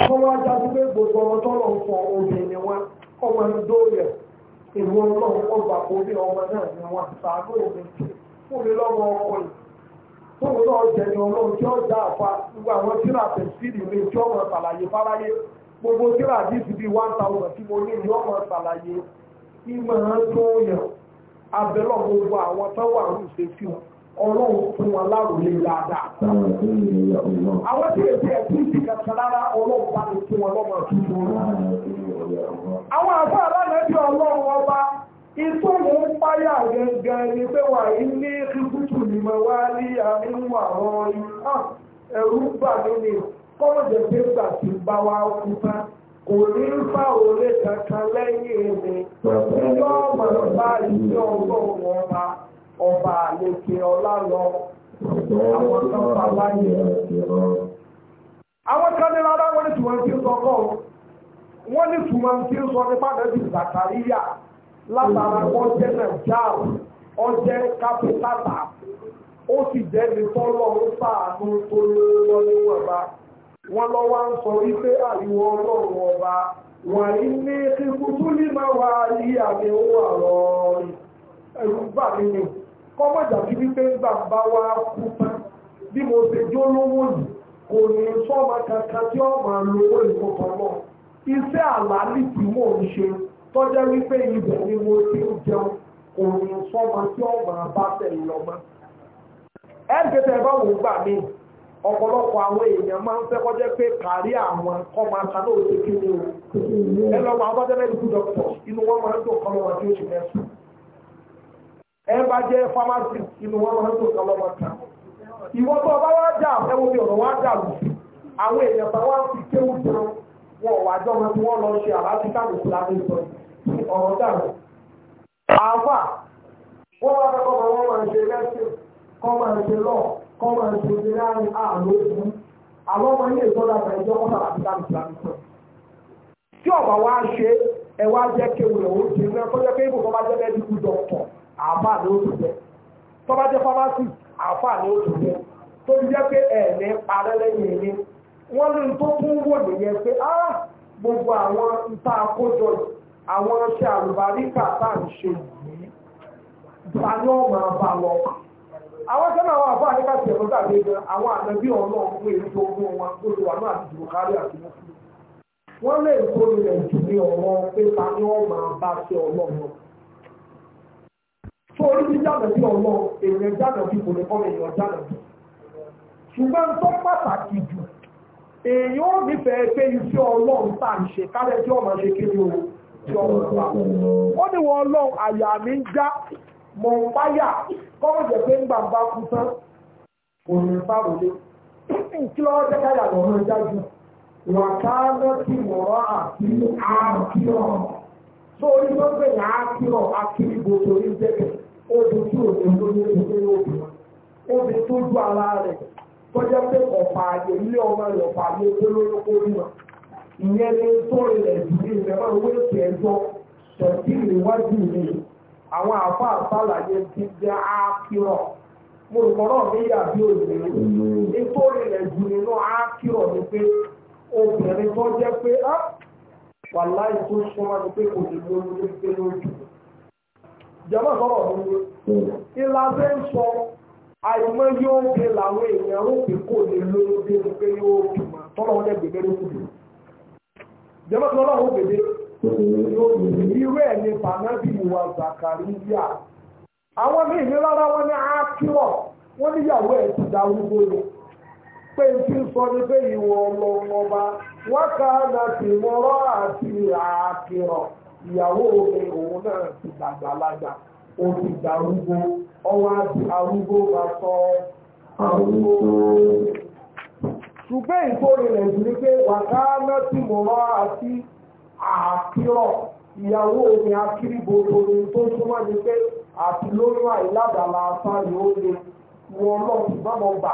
tó wá jáde pé gbogbo ọmọ tó lọ fọ obìnrin wọn ọmọ ẹni dóòyẹ̀ ìwọ ọlọ́run kọ́ gbà kó ní ọmọ náà ni wọn ṣàánú òní fún mi lọ́wọ́ ọkọ yìí fún mi náà jẹ ní ọlọ́run tí ó dá àpá gbogbo àwọn tíra tẹ̀síìlì mi tí ọmọ ṣàlàyé fáráyé gbogbo tíra díìsì bíi one thousand tí mo ní ní ọmọ ṣàlàyé ìmọ̀ hàn tó yàn abẹ́lọ́ gbogbo àwọn tó wà ṣe sí wọn ọlọ́run fún wọn láròlé dáadáa. àwọn tí èsì ẹ̀sìn ti kàkà lára ọlọ́run bá ní fún wọn lọ́mọ tuntun rẹ̀. àwọn àfọ àlànàbí ọlọ́run ọba ìtò mò ń páyà gẹ́gẹ́ ni pé wà ní kíkútù ní mo wá ní àmì ń wà wọn ẹ̀rù bà mí ni kọ́ọ̀dẹ̀ pé gbà tí bá wa kú tán kò ní bá òré kankan lẹ́yìn mi. ìjọ ọmọ bá ìjọ ọgbọ́n wọn bá ọba àlekè ọlá lọ àwọn tó ń pa láyé. àwọn kan ní rárá wọ́n ní tùmọ̀ tí ń sọ kọ́ wọ́n ní tùmọ̀ tí ń sọ nípa lẹ́bí Zakaria látara ọjẹ́ nàìjíríà ọjẹ́ kápẹ́tàtà ó sì jẹ́ ní tọ́lọ́ ń sàánú tó lọ́wọ́ níwọ̀nba wọ́n lọ wá ń sọ wípé àríwọ ọlọ́run ọba wọ́n rí ní kíkú tó lè máa wá rí àmì owó àrọ̀ ẹ̀rù bà nínú kọ́mọ̀ ìjàdí wípé nígbà bá wá kú bí mo ṣe jó lówó yìí kò ní sọ́ọ̀mà kankan tí ó máa lówó ìkọ̀kọ̀ náà iṣẹ́ àlàálì tí mò ń ṣe tọ́jẹ́ wípé ibẹ̀ ni mo ti ń jẹun kò ní sọ́ọ̀mà tí ó máa bá tẹ̀lé lọ́mọ́ gbà mí ọ̀pọ̀lọpọ̀ àwọn èèyàn máa ń fẹ́ pé àwọn ọmọ ni o ẹ bá jẹ́ pharmacy inú wọn wọn tó kọlọ́ wọn ta ìwọ́n tó ọba wá dà ẹwọ́n mi ọ̀rọ̀ wá dà lù àwọn èèyàn bá wá fi kéwù tán wọn wà jọ wọn tí wọ́n lọ ṣe àbájú káàkiri fúlàní sọ ọ̀rọ̀ dà lù. àáfà wọ́n wá fẹ́ kọ́mọ wọn máa ṣe lẹ́sìn kọ́mọ ṣe lọ kọ́mọ ṣe ní láàrin àlọ́ òkú àwọn ọmọ ilé ìtọ́jà nàìjọ́ kọ́mọ àbájú káàkiri fúlàní sọ. tí ọ̀bà wá ṣe ẹ wá jẹ́ kéwù rẹ̀ ó ṣe náà kọ́jọ́ pé ibùdó bá jẹ́ mẹ́díkù dọ̀tọ̀ àfà ní ó tún jẹ́ tó bá jẹ́ pharmacy àfà ó tún jẹ́ tó jẹ́ pé ẹ̀ẹ̀mí parẹ́ lẹ́yìn wọ́n ní tó tún wò pé á gbogbo àwọn ìta àkójọ àwọn ọṣẹ ń ṣe yìí ta ni ó máa bá lọ àwọn sẹ́nà àwọn àfà ní káṣí gan wọn tó wà náà àti ìdìbò kárí àti mọ́tò lè kó ilẹ̀ jù ní pé ta ni ó máa fún orí ti jáde sí ọ̀lọ́ èèyàn jáde bí kò lè kọ́ èèyàn jáde bí ṣùgbọ́n tó pàtàkì jù èèyàn ò nífẹ̀ẹ́ pé iṣẹ́ ọlọ́run tá à ń ṣe kálẹ̀ tí ọmọ ṣe kéde o tí ọmọ ṣe wà ó ní wọn ọlọ́run àyà mi ń já mọ̀ ń páyà kọ́mọ̀ jẹ́ pé ń gbà bá kú tán òun ń bá wọlé kí lọ́wọ́ jẹ́ káyà lọ́rùn ẹja jù wàkánà tí wọ́n àti àkírọ̀ sórí tó ń pè ní àkírọ̀ akíribo torí jẹ́gẹ̀ẹ́ obì tí òjò tó ní ìpínlẹ̀ obì obì tó ju ara rẹ̀ tó jẹ́ pé ọ̀pá àyè ilé ọmọ rẹ̀ ọ̀pá àyè olólókó rí wọn ìyẹn ní tó rẹ̀ jù ní ìrẹ̀mọ́ owó ètò ẹ̀jọ́ tẹ̀sí ìwájú mi àwọn àfa àfàlàyé ti jẹ́ ákírọ̀ mo rò kọ́rọ̀ mi yà bí òjò ní tó rẹ̀ jù nínú ákírọ̀ ni pé obìnrin tó jẹ́ pé ah, wàláì tó súnmọ́ ni pé kò ní lórí pé lójú jọba sọ̀rọ̀ lóru hmm. ìlànà ń sọ àìmọ́ yóò gbé làwọn èèyàn ó pè kó lè lóyún bí o pé yóò tùmọ̀ tọ́lọ́ wọn lẹ́gbẹ̀ẹ́ bẹ́ẹ̀ kù dé jọba sọ̀rọ̀ ó gbèdé irú ẹ̀ ní àwọn ní wọn ní ákírọ̀ wọn ẹ̀ ti lọ pé sọ ní ìyàwó omi òun náà ti dàgbàlagbà ó ti darúgbó ọwọ́ àti arúgbó bá sọ arúgbó. ṣùgbọ́n ìkórè rẹ̀ jù ní pé wàkánná tí mo rọ́ àti àkírọ̀ ìyàwó omi akíríbodo ni tó súnmọ́ ni pé àti lóyún àìládàlà afá yóò le wọ́n lọ́ọ̀tún bá mọ̀ bà.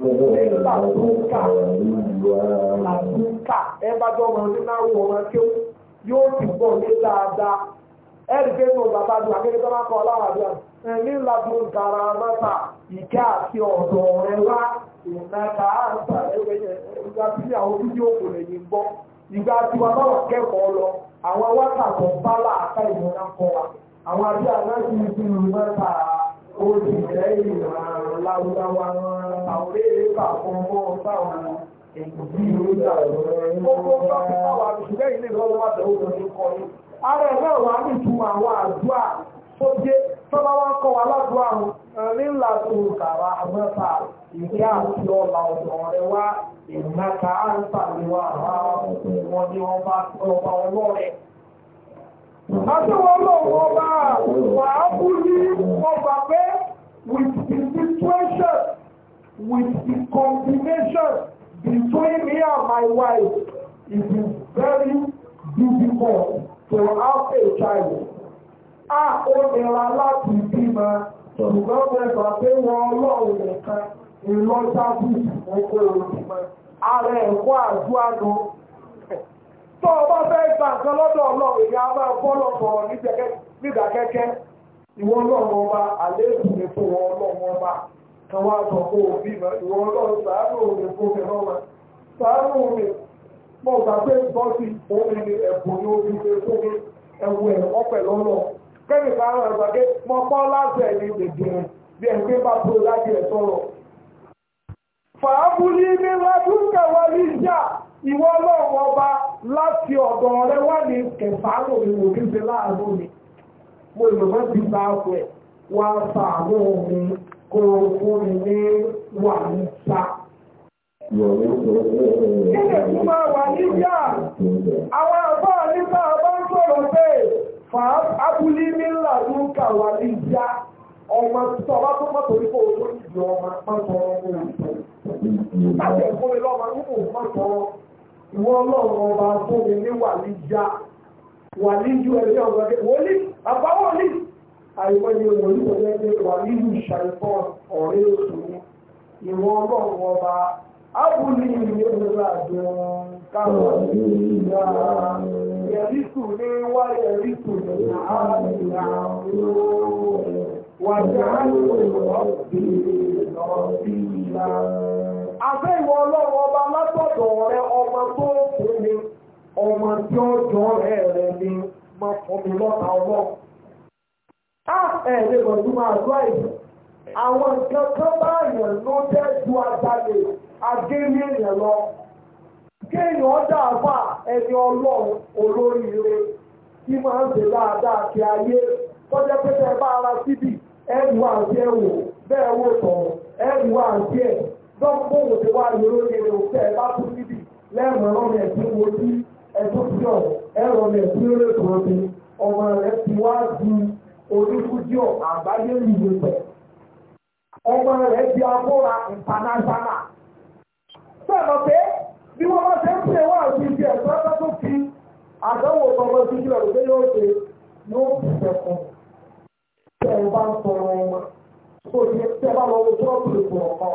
nígbà tó ń kà àti ń kà ẹ bá jọmọ onínáwó ọmọ tí yóò ti ní dáadáa ẹ̀rí pé ní ọgbà bá ju akéde tó máa kọ ọláwà bí i ẹ̀mí ìkẹ́ àti ọ̀dọ̀ rẹ wá àǹtà ẹgbẹ́ tí àwọn kò lè gbọ́ ìgbà tí wọn bá wà kẹ́kọ̀ọ́ lọ àwọn wákàtọ̀ bá láàká kọ wa òṣìṣẹ́ ìlànà láwùjáwá àwọn èèbà fún mọ́ Tó jẹ́ tọ́lá wá kọ́ wa ládùú àrùn nílà tó kàrà àmọ́ta ìgbé àti ọ̀la ọ̀dọ̀ rẹ̀ wá ìmẹ́ta àǹtà lè wà àwọn ọmọ wọn ní ọba ọlọ́rẹ̀. Àtíwọ́ lọ́wọ́ ọba wàá kú ní ọgbà pé with the situation, with the combination between me and my wife, it is very difficult to have a child. A ó nira láti bímọ, ṣùgbọ́n mẹ́fà pé wọ́n lọ́wọ́ nìkan ìlọ́jà bí ìfowópamọ́. Ara ẹ̀kọ́ àdúrà náà tó o bá fẹ́ gba nǹkan lọ́dọ̀ ọlọ́run èyí á máa bọ́lọ̀ sọ̀rọ̀ nídàkẹ́kẹ́ ìwọ ọlọ́run ọba àléébù ni fún wọn ọlọ́run ọba kan wá sọ fún òbí mọ ìwọ ọlọ́run sàánù mi fún mi lọ́wọ́ sàánù mi mo gbà pé bọ́sì omi ni ẹ̀bùn ni omi ni fún mi ẹ̀wù ẹ̀ ọ̀pẹ̀ lọ́lọ́ kẹ́mi kan rẹ̀ gbàgbé mo pọ́ láti ẹ̀yìn gbèdé bí ẹ̀ ń gbé bá tó láti ẹ̀ sọ̀rọ̀ fàábùlì mi wá dúkẹ́ wọlé ìjà ìwọ ọlọ́run ọba láti ọ̀dọ̀ rẹ wà ní kẹfà lòmìnirò kí n ṣe láàánú mi mo ìrọ̀mọ́ ti bá ọkọ̀ ẹ̀ wá sàánú mi kó o fún mi ní wà ní sá. Ilé tí máa wà ní yá, àwọn àbá nígbà bá ń sọ̀rọ̀ pé fàá abúlé ní ńlá ló ń kà wà ní yá. Ọmọ títọ́ wá tó mọ́tò ní kò ó lóyún ìjọ ọmọ pátọ́ ọmọ òun. Láti ẹ̀kọ́ mi lọ́mọ nínú mọ́tò ọmọ. ìwọ ọlọ́run ọba ní mi ní wàlíjà wàlíjù ẹgbẹ́ ọ̀gbọ̀n wọlé àbáwọ̀ ní àìmọye wòlú wọlé ní wàlíjù ṣàìfọ́ ọ̀rẹ́ ìwọ ọlọ́run ọba Abẹ́ ìwọ ọlọ́run ọba látọ̀dọ̀ rẹ ọmọ tó kú ni, ọmọ tí ó jọ rẹ̀ rẹ̀ ni, mọ fún mi lọ́ta ọlọ́run. Á ẹ̀rẹ́ pẹ̀lú máa lọ àìsàn. Àwọn nǹkan kan bá yàn ló jẹ́ ju ajalè agérí èèyàn lọ. Kéèyàn dàgbà ẹni ọlọ́run olóríire tí máa ń ṣe dáadáa kí ayé tọ́jọ́ pé tẹ bá ara síbì ẹ̀rù àti ẹ̀wò bẹ́ẹ̀ wò tọ̀ ẹ̀rù àti ẹ̀wò dọ́gbọ́n wò ti wá ìlú lórí ẹ̀rọ tẹ́ ẹ bá tún síbi lẹ́ẹ̀mọ̀ ẹ̀rọ mi ẹ̀sìn wo sí ẹ̀tún sí ọ̀ ẹ̀rọ mi ẹ̀sìn lórí ètò ọ̀sẹ̀ ọmọ rẹ̀ ti wá ju onífújíọ̀ àgbáyé ìlú pẹ̀ ọmọ rẹ̀ di agbóra ìpanáṣánà sọ̀rọ̀ pé bí wọ́n bá ṣe ń pè wá sí ibi ẹ̀sọ́ ẹ̀sọ́ tó fi àdánwò tọmọ sí ìlú ọ̀rọ̀ pé yóò ṣe yóò bù sẹ́kùn tẹ́ ẹ bá ń sọ̀rọ̀ ọmọ tó ṣe tẹ́ bá lọ tó ọ̀pọ̀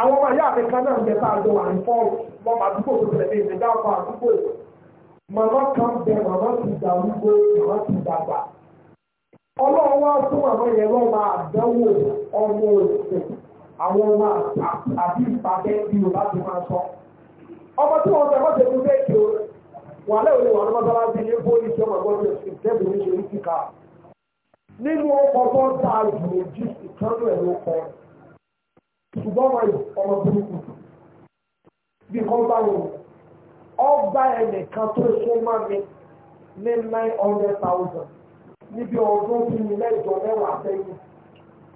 àwọn ọmọ ìyá àfẹ́ká náà ń bẹ bá àjọ wà ní fọ́ọ̀lù mọ́ àdúgbò tó tẹ̀lé ìrìn dáàbò àdúgbò màmá kan bẹ màmá ti dàrúgbó màmá ti dàgbà ọlọ́run wá fún màmá yẹn lọ́ máa dánwò ọmọ òsè àwọn ọmọ àti ti máa sọ ọmọ tí wọn fẹ́ wọ́n o wà lẹ́wọ̀n ọmọ gbọ́dọ̀ ṣùgbọ́n wọn ọmọ burúkú bí kan bá wọn ọba ẹnìkan tó súnmọ́ mi ní nine hundred thousand níbi ọdún tí mi mẹ́jọ mẹ́wàá sẹ́yìn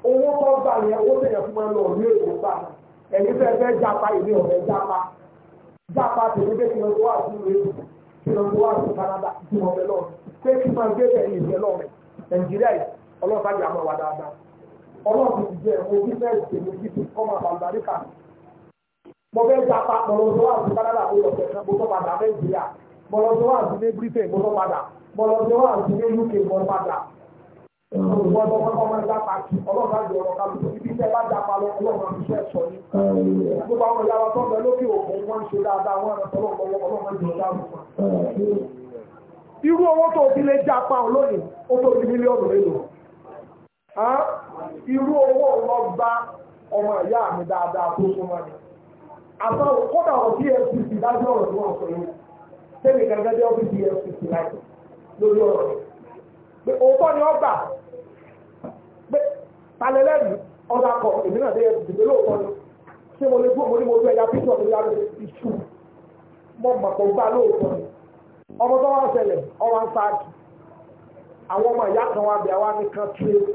owó tó gbà yẹn owó tẹ̀yẹ̀ fún ẹ lọ ní èdè gbà ẹ̀yin fẹ́ fẹ́ japa ìwé ọ̀rẹ́ japa japa tèmi bẹ́ẹ̀ kí lọ sí wàásù rẹ̀ kí lọ sí wàásù Canada kí lọ bẹ́ẹ̀ lọ pé kí máa gbé bẹ́ẹ̀ ìfẹ́ lọ rẹ̀ Nàìjíríà ọlọ́ọ̀ta yà wà dáadáa ọlọ́run ti jẹ ẹ̀wọ̀n ojú fẹ́ tèmi títí ọmọ àbàlùbáríkà mo fẹ́ gba papọ̀ lọ́sọ́ àti Canada mo lọ tẹ̀sán mo tọ́ padà Nàìjíríà mo lọ sọ́wọ́ àti ní Britain mo tọ́ padà mo lọ sọ́wọ́ àti ní UK mo padà mo lọ sọ́wọ́ ọmọ ẹgbẹ́ ọlọ́run àti ọ̀rọ̀ kálukú ibi tẹ́ bá dá palọ ọlọ́run àti iṣẹ́ sọ ní. gbogbo àwọn ìyá wa tó irú owó lọ gba ọmọ ìyá mi dáadáa tó súnmọ́ ni àtàwọn kódà ọ̀rọ̀ efcc dájọ́ ọ̀rọ̀ tí wọ́n sọ yìí tẹ́lẹ̀ gẹ́gẹ́ bí ọ́fíìsì efcc láì lórí ọ̀rọ̀ pé òótọ́ ni ọgbà pé talẹ́lẹ́rì ọ̀dà kọ̀ èmi náà na efcc lóòótọ́ ni ṣé mo lè gbọ́ mo ní mo gbé ẹ̀yà píṣọ̀ mi lára iṣu mọ́ màpọ̀ gbá lóòótọ́ ni ọmọ tó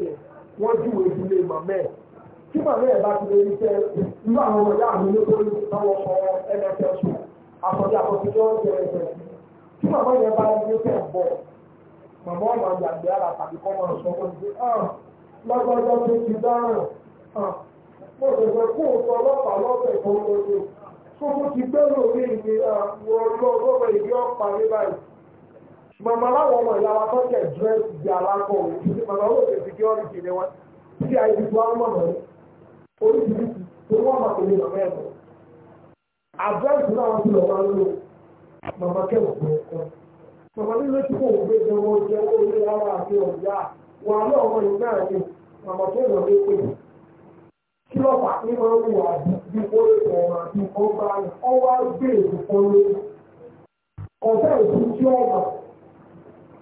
wá wọ́n júwèé ìdílé màmá ẹ̀ tí màmá ẹ̀ bá ti lè rí sẹ́ irú àwọn ọmọ yáà mi ní kó ní táwọn ọmọ nfs àfọ̀dé àfọ̀dé tó ń jẹ ẹsẹ̀ tí màmá yẹn bá ní sẹ́ bọ̀ màmá ọmọ àgbàgbé ara tàbí kọ́ máa sọ fún mi ah, lọ́gbọ́dọ́ tó ti dáràn ah, mo ṣẹ̀ṣẹ̀ kó o sọ ọlọ́pàá lọ́sẹ̀ kan lọ́sẹ̀ tó tún ti gbẹ́rù orí ìgbé àwọn ah, ọlọ́gbọ́gbọ́ ìgbé ọ̀pá ní báyìí màmá láwọn ọmọ ìyá wa tọ́jẹ̀ dírẹ́sì di alákọ̀ màmá ló ṣe security ni wọn tí a ibi tó á mọ̀ náà oríṣiríṣi tó wọ́n máa tẹ̀lé màmá ẹ̀ lọ. àdírẹ́sì náà ti lọ máa ń lò màmá kẹwàá pé ẹ̀kọ́. màmá nílé tí kò gbé jẹ wọn jẹ owó ilé ara àti ọ̀yá wà ní ọmọ yìí náà ni màmá tó wọ̀ lé pé kí ní máa ń wà bí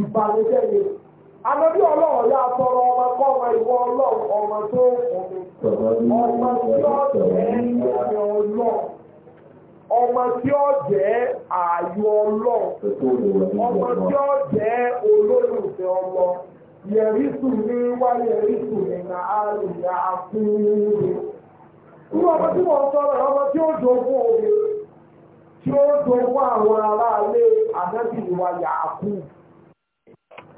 ìbànújẹ́ ni àbẹ̀bí ọlọ́run yá tọrọ ọmọ kọ́ ọmọ ìwọ ọlọ́run ọmọ tó ọmọ tí ó jẹ́ ọmọ ààyò ọlọ́run ọmọ tí ó jẹ́ olólùfẹ́ ọmọ ní wáyé ní Irú ọmọ tí wọ́n ọmọ tí ó jogún omi tí ó jogún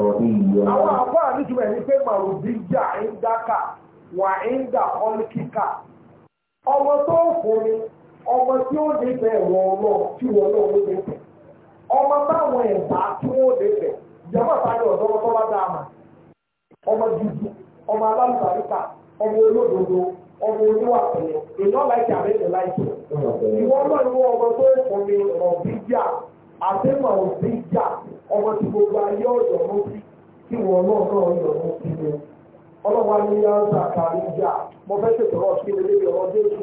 àwọn àbá nítumọ̀ ẹni ọmọ tó ọmọ tí ó lè bẹ̀ wọ́n lọ tí wọ́n lọ ló lè bẹ̀ ọmọ táwọn ẹ̀bá tí lè bẹ̀ bá dáa mà ọmọ dúdú ọmọ alálùbáríkà ọmọ olódodo ọmọ láìkí láìkí ọmọ tó àtẹ́mọ̀ ọmọ tí gbogbo ayé ọ̀dọ̀ mú sí kí wọn náà náà yọ̀ mú sí ni ọlọ́wà ní yánsà kàríyà mo fẹ́ ṣètò ọ̀rọ̀ sí ilé ìwé ọmọ jésù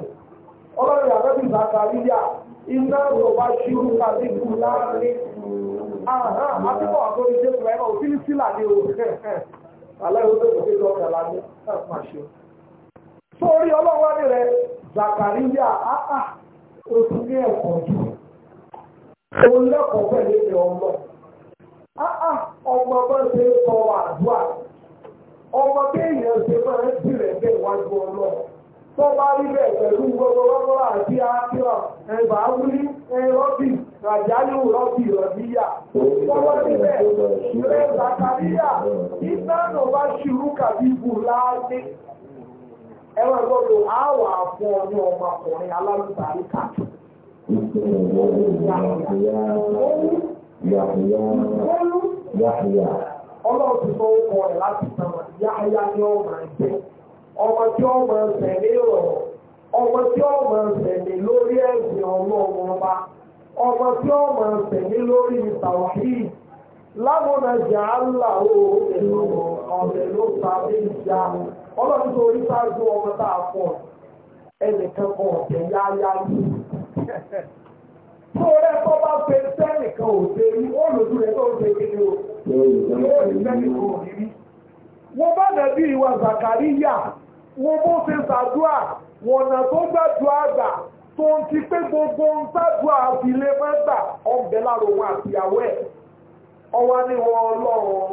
ọlọ́rin àbẹ́bí zakariya iná rọ̀bá ṣírú kàdínkù láàrin àbíkọ̀ àtọ́rí jésù ẹ̀rọ òfin sílà ní òkè aláìwò tó kò kéjọ ọ̀kàlá ní àpàṣẹ sórí ọlọ́wà ní rẹ̀ zakariya ápà oṣù ní ẹ̀kọ́ jù ó lẹ́kọ̀ọ́ pẹ̀lú ẹ̀rọ ọlọ́run Ah, ah, ọmọ bá ṣe ń sọ àdúrà ọmọ kéèyàn ṣe máa ń jìnlẹ̀ bẹ́ẹ̀ wájú ọlọ́ tó bá rí bẹ́ẹ̀ pẹ̀lú gbogbo rọ́bọ́rọ́ àti akíọ̀ ẹ̀bà wúlí ẹ̀rọ́bì ràjálù rọ́bì ìsánà bá ṣùrù láàdé gbọ́dọ̀ àwọ̀ ní Yàhùyà Yàhùyà. Ọlọ́run ti sọ orúkọ rẹ̀ láti sọ̀rọ̀ Yàhùyà ni ó máa jẹ́. Ọmọ tí ó máa ní Ọmọ tí ó máa ṣẹ̀ ní lórí ẹ̀sìn ọlọ́run ọba. Ọmọ tí ó máa ní lórí ọmọ tá a tó rẹ tó bá fẹ́ sẹ́nìkan ò ṣe rí ó lòdù rẹ tó ń ṣe kéde o yóò rí sẹ́nìkan ò rí rí. wọ́n bá nàbí ìwà Zakariya wọ́n bó ṣe ṣàdúà wọ́n nà tó gbàdúà àgbà tó ń ti pé gbogbo ń ṣàdúà àfilé mẹ́ta ọ̀bẹ lára òun àtìyàwó ẹ̀ ọwọ́ ni wọ́n ọlọ́run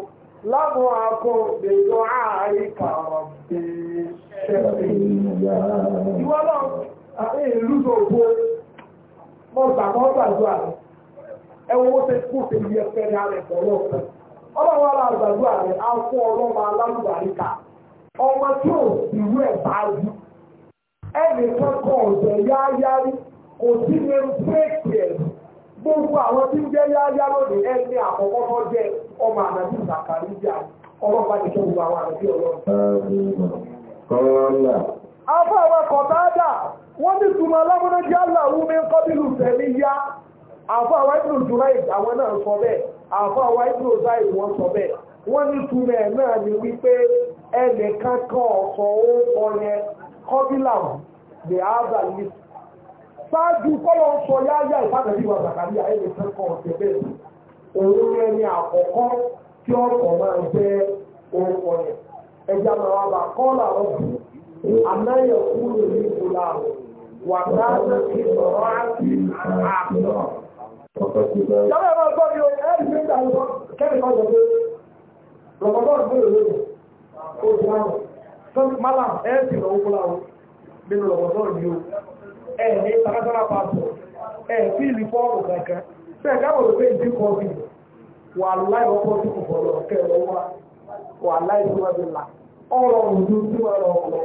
lábọ̀ akọ́ gbèjọ àáríkà ọ̀bẹ ṣẹ́fẹ̀ ìwọ́n náà àti ìlú tó gbó mọ́ gbàgbọ́ gbàdúrà rẹ̀ ẹ wo ṣe kú ṣe yẹ fẹ́rẹ́ rẹ̀ pọ̀ ahụ ọlọ́wọ́ ara gbàdúrà rẹ̀ á fún ọlọ́mọ alámùbáríkà ọmọ tí ò ìlú ẹ̀ bá yí ẹnì kankan ọ̀dọ̀ yáyárí kò sí ní ya ẹ̀ gbogbo àwọn tí ń jẹ́ yáyá lónìí ẹni àkọ́kọ́ tó jẹ́ ọmọ ti àwọn ọlọ́run. wọ́n ní túnmọ̀ alámúná jẹ́ aláwú ní kọ́bílù tẹ̀lé yá àfọ́ àwọn ìbùrù jùlọ àwọn náà sọ bẹ́ẹ̀ àfọ́ àwọn ìbùrù záì wọ́n sọ bẹ́ẹ̀ wọ́n ní túnmọ̀ ẹ̀ náà ni wípé ẹnì kankan ọ̀sọ̀ ó yẹn kọ́bílà the other list ṣáájú kọ́lọ̀ ń sọ yáyá ìfàgàdì wa Zakaria ẹnì kankan ọ̀sẹ̀ bẹ́ẹ̀ òun yẹn ni àkọ́kọ́ tí ọ̀pọ̀ máa jẹ́ orúkọ yẹn ẹja máa wà kọ́lá ọ̀bù àná yẹ kúrò ní ìlú láàrùn wàtàlù ìsọ̀rọ̀ àti àpọ̀. Yàrá ẹ̀rọ ọgbọ́n ni ẹ̀rì pé ìdàlú kẹ́rìkọ́ jọ pé Rọ̀mọ́dọ́ ìgbèrè lóòrùn, ó ti wá lọ. Sọ́nà Málà ẹ̀ẹ́sì lọ ókú láwọn nínú Rọ̀mọ́dọ́ ìlú. Ẹ̀ ní Tàkátàrà Pàtó, ẹ̀ sí ìlú fọ́ọ̀rù kankan. Bẹ́ẹ̀ ká wòlò pé ìdí kan bí wà láì ọkọ̀ tí kò fọ́lọ̀ kẹ́rọ wá, wà láì tí wọ́n ti là. Ọ̀rọ̀ òdú tí wọ́n rọ̀ ọ̀pọ̀.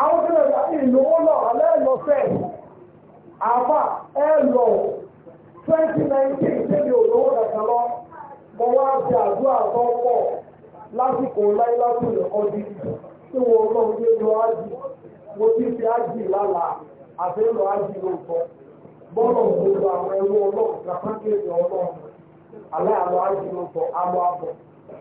àwọn tó lè gbà ìlówó lọ alẹ́ àfà ẹ lọ twenty nineteen tẹ́bi òlówó wá ti àdúrà tó lásìkò láyé ẹ̀kọ́ di tí mo lọ sí lọ ájì mo ti fi ájì lálàá àti lọ ájì lóòótọ́ bọ́ọ̀lù gbogbo àwọn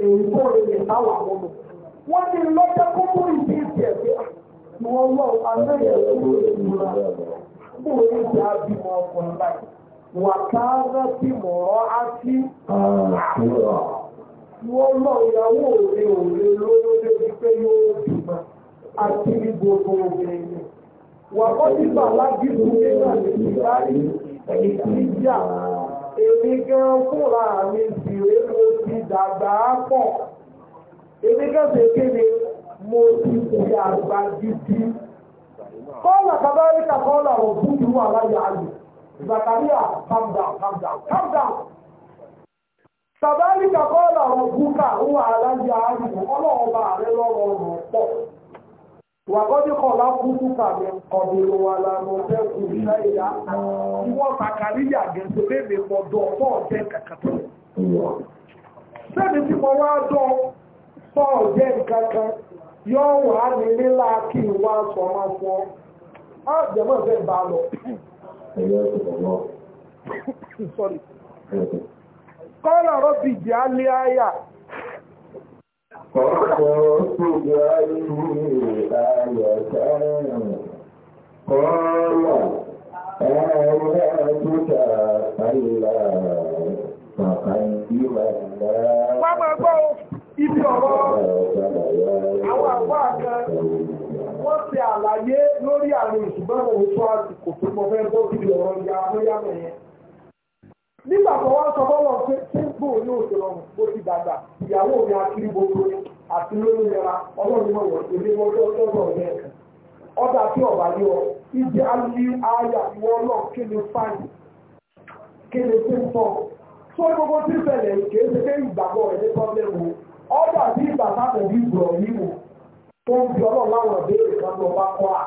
èyí tó lè lè bá wà wọ́n mọ̀. wọ́n ti kókó ìdí ìdí ẹ̀ pé àwọn ọlọ́run alẹ́yẹ̀ tó lè múra fún orí ìjà bímọ ọkùnrin báyìí. wàkàrà bímọ ọ́ á sí wọ́n lọ ìyàwó òde òde lóró débi pé yóò bímọ àti ní gbogbo obìnrin wà kọ́ nígbà lágbígbó nígbà lè fi báyìí tí ń jà èmi gan fúnra mi sì ré mo ti dàgbà pọ̀ èmi gan dị kéde mo ti fi àgbà gidi kọọla kàbáríkà kọ́ọ̀lá ò búdú wà láyé àlè Zakaria calm down calm down calm down kàbáríkà kọ́ọ̀lá ò wàkọ́dí kọ̀ọ̀lá kúrú kàmí ọ̀bìnrin wà lánà ọ̀fẹ́ kù sáyà tí wọ́n sàkàrí yà gẹ̀ẹ́sẹ̀ léèmé mọ̀dọ̀ ọ̀tọ̀ ọ̀jẹ́ tí mo wá kankan yọ wà ní nílá kí n wá lọ. فاخرت جعلني آية قال آياتك ألا àwọn àpá wọ́n ti àlàyé lórí àwọn ìṣùgbọ́n òun tó àsìkò tó mọ́ fẹ́ bọ́ ọ̀rọ̀ ìyá amóyámẹ̀yẹn. nígbà tó wá sọ bọ́lọ̀ pé ṣé ń gbòòrò ní òṣèlú ìyàwó mi akiri gbogbo àti lórí yẹra ọlọ́run náà wọ̀ èmi wọ́n tó tọ́jọ́ ọ̀gá ẹ̀ka tí ọ̀bà ní ọ ìdí alí ayà kí ni fáìlì kí ni tí ń tọ́ tó gbogbo tí kìí ṣe ìgbàgbọ́ ẹ̀ ní tí ìgbà bí yìí wò tó ń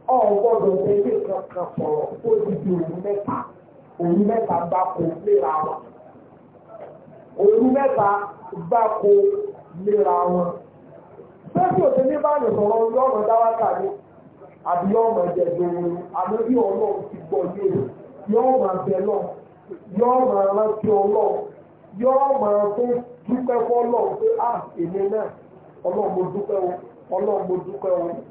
ọ̀gbọ́dọ̀ tẹ́lẹ̀ kankan sọ̀rọ̀ ó ti òru mẹ́ta òru mẹ́ta gbáko léra wọn òru mẹ́ta gbáko léra wọn sẹ́kì òsè ní bá nìsọ̀rọ̀ yọ̀ọ̀mọ̀ dáwàkà ni àbí yọ̀ọ̀mọ̀ jẹ̀dọ̀rọ̀ àmọ́ bí ọlọ́run ti gbọ́ yé yọ̀ọ̀mọ̀ abẹ náà yọ̀ọ̀mọ̀ aláǹtí ọlọ́run yọ̀ọ̀mọ̀ tó dúpẹ́ fọ́lọ́run pé à ah, èmi náà ọlọ́run mo dúpẹ́ o ọlọ́run mo dúpẹ́ o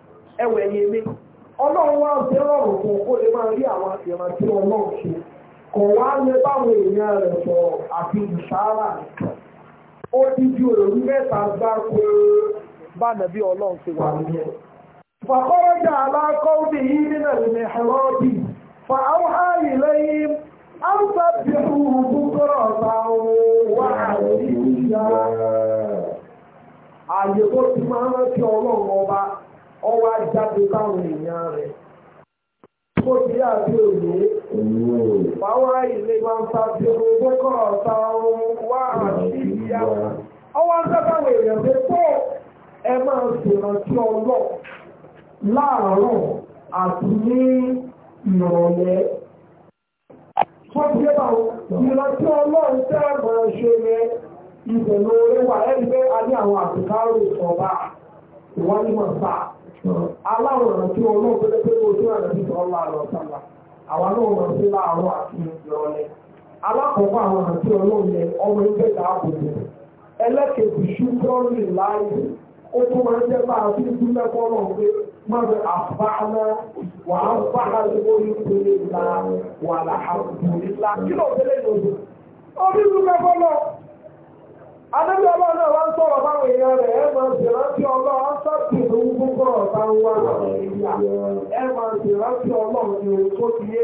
ẹwẹ̀ yẹn mi ọlọ́run wá ń tẹ́ ọ̀rùn fún kó lè máa rí àwọn ìran tí ọlọ́run ṣe kò wá lè báwọn èèyàn rẹ̀ sọ̀rọ̀ àti ìṣàrà ó ti ju òru mẹ́ta gbáko bá nàbí ọlọ́run ti wà fàkọ́rọ́jà yìí fà áwọn lẹ́yìn áńsà bí òun wà àyè tó ọba ọwọ́ ajáde táwọn èèyàn rẹ̀. Mo ti yá òye. Wàá ilé máa ń ta bí omi gbẹ́kọ̀ ọ̀ta ohun wá àti ìyá. Ọwọ́ ajábáwọ̀ èèyàn pé pé ẹ máa ṣèrántí ọlọ́ láàárọ̀ àti ní ìrọ̀lẹ́. ti yé ìrántí ọlọ́run tẹ́ ṣe ìbẹ̀lú orí wà pé a ní àwọn àtìkárò aláwòrán tí wọn náà gbé pé ojú ọ̀nà tí sọ ọ́lá àwa náà rán sí láàárọ̀ àti ìrọ̀lẹ́ alákọ̀ọ́kọ́ àwọn ọ̀nà tí ọmọ ẹgbẹ́ dáàbòbò ẹlẹ́kẹ̀ẹ́bì ó tún máa ń jẹ́ bá pé bẹ wà á bá a lè wọ́n wà kí ó Adébí ọlọ́run náà wá ń sọ̀rọ̀ báwọn èèyàn rẹ̀ ẹ máa ṣe rántí ọlọ́run á sọ́tìlú púpọ̀ ọ̀tá ń wá nàìjíríà. Ẹ máa ṣe rántí ọlọ́run ní ohun tó ti yé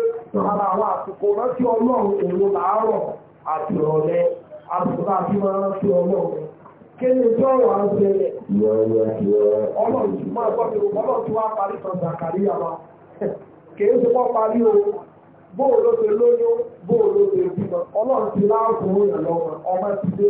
ara àwọn àsìkò rántí ọlọ́run òun làárọ̀ àti ìrọ̀lẹ́ àsìkò àti máa rántí ọlọ́run. Kí ni tí ọ̀rọ̀ á ń ṣẹlẹ̀? Ọlọ́run ti máa gbọ́ mi ọlọ́run ti wá parí kan Zàkàríyà wa. Kèé ṣe pọ́ parí o bóòló ṣe lóyún bóòló ṣe ọlọ́run ti láàkùnrin ìrànlọ́wọ́ ọmọ ti dé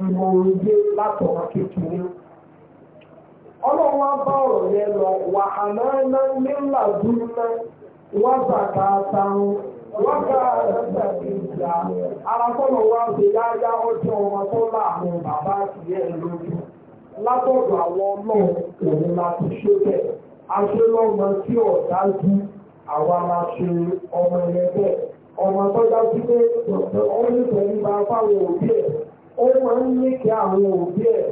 ìmọ̀ òye látọ̀wọ́ kékeré. ọlọ́run wá bá ọ̀rọ̀ yẹn lọ wà àmọ́ná nílà dúró wá bàtà àtàwọn wá bá ẹ̀rọ ìjà arákọ́nà wá ṣe yáyá ọjọ́ wọn tó láàrin bàbá lójú látọ̀dọ̀ àwọn ọlọ́run òun láti ṣe tí ọ̀dá àwa ṣe ọmọ ọmọ tó dájú pé nípa fáwọn òbí ó máa ń ní kí àwọn òbí ẹ̀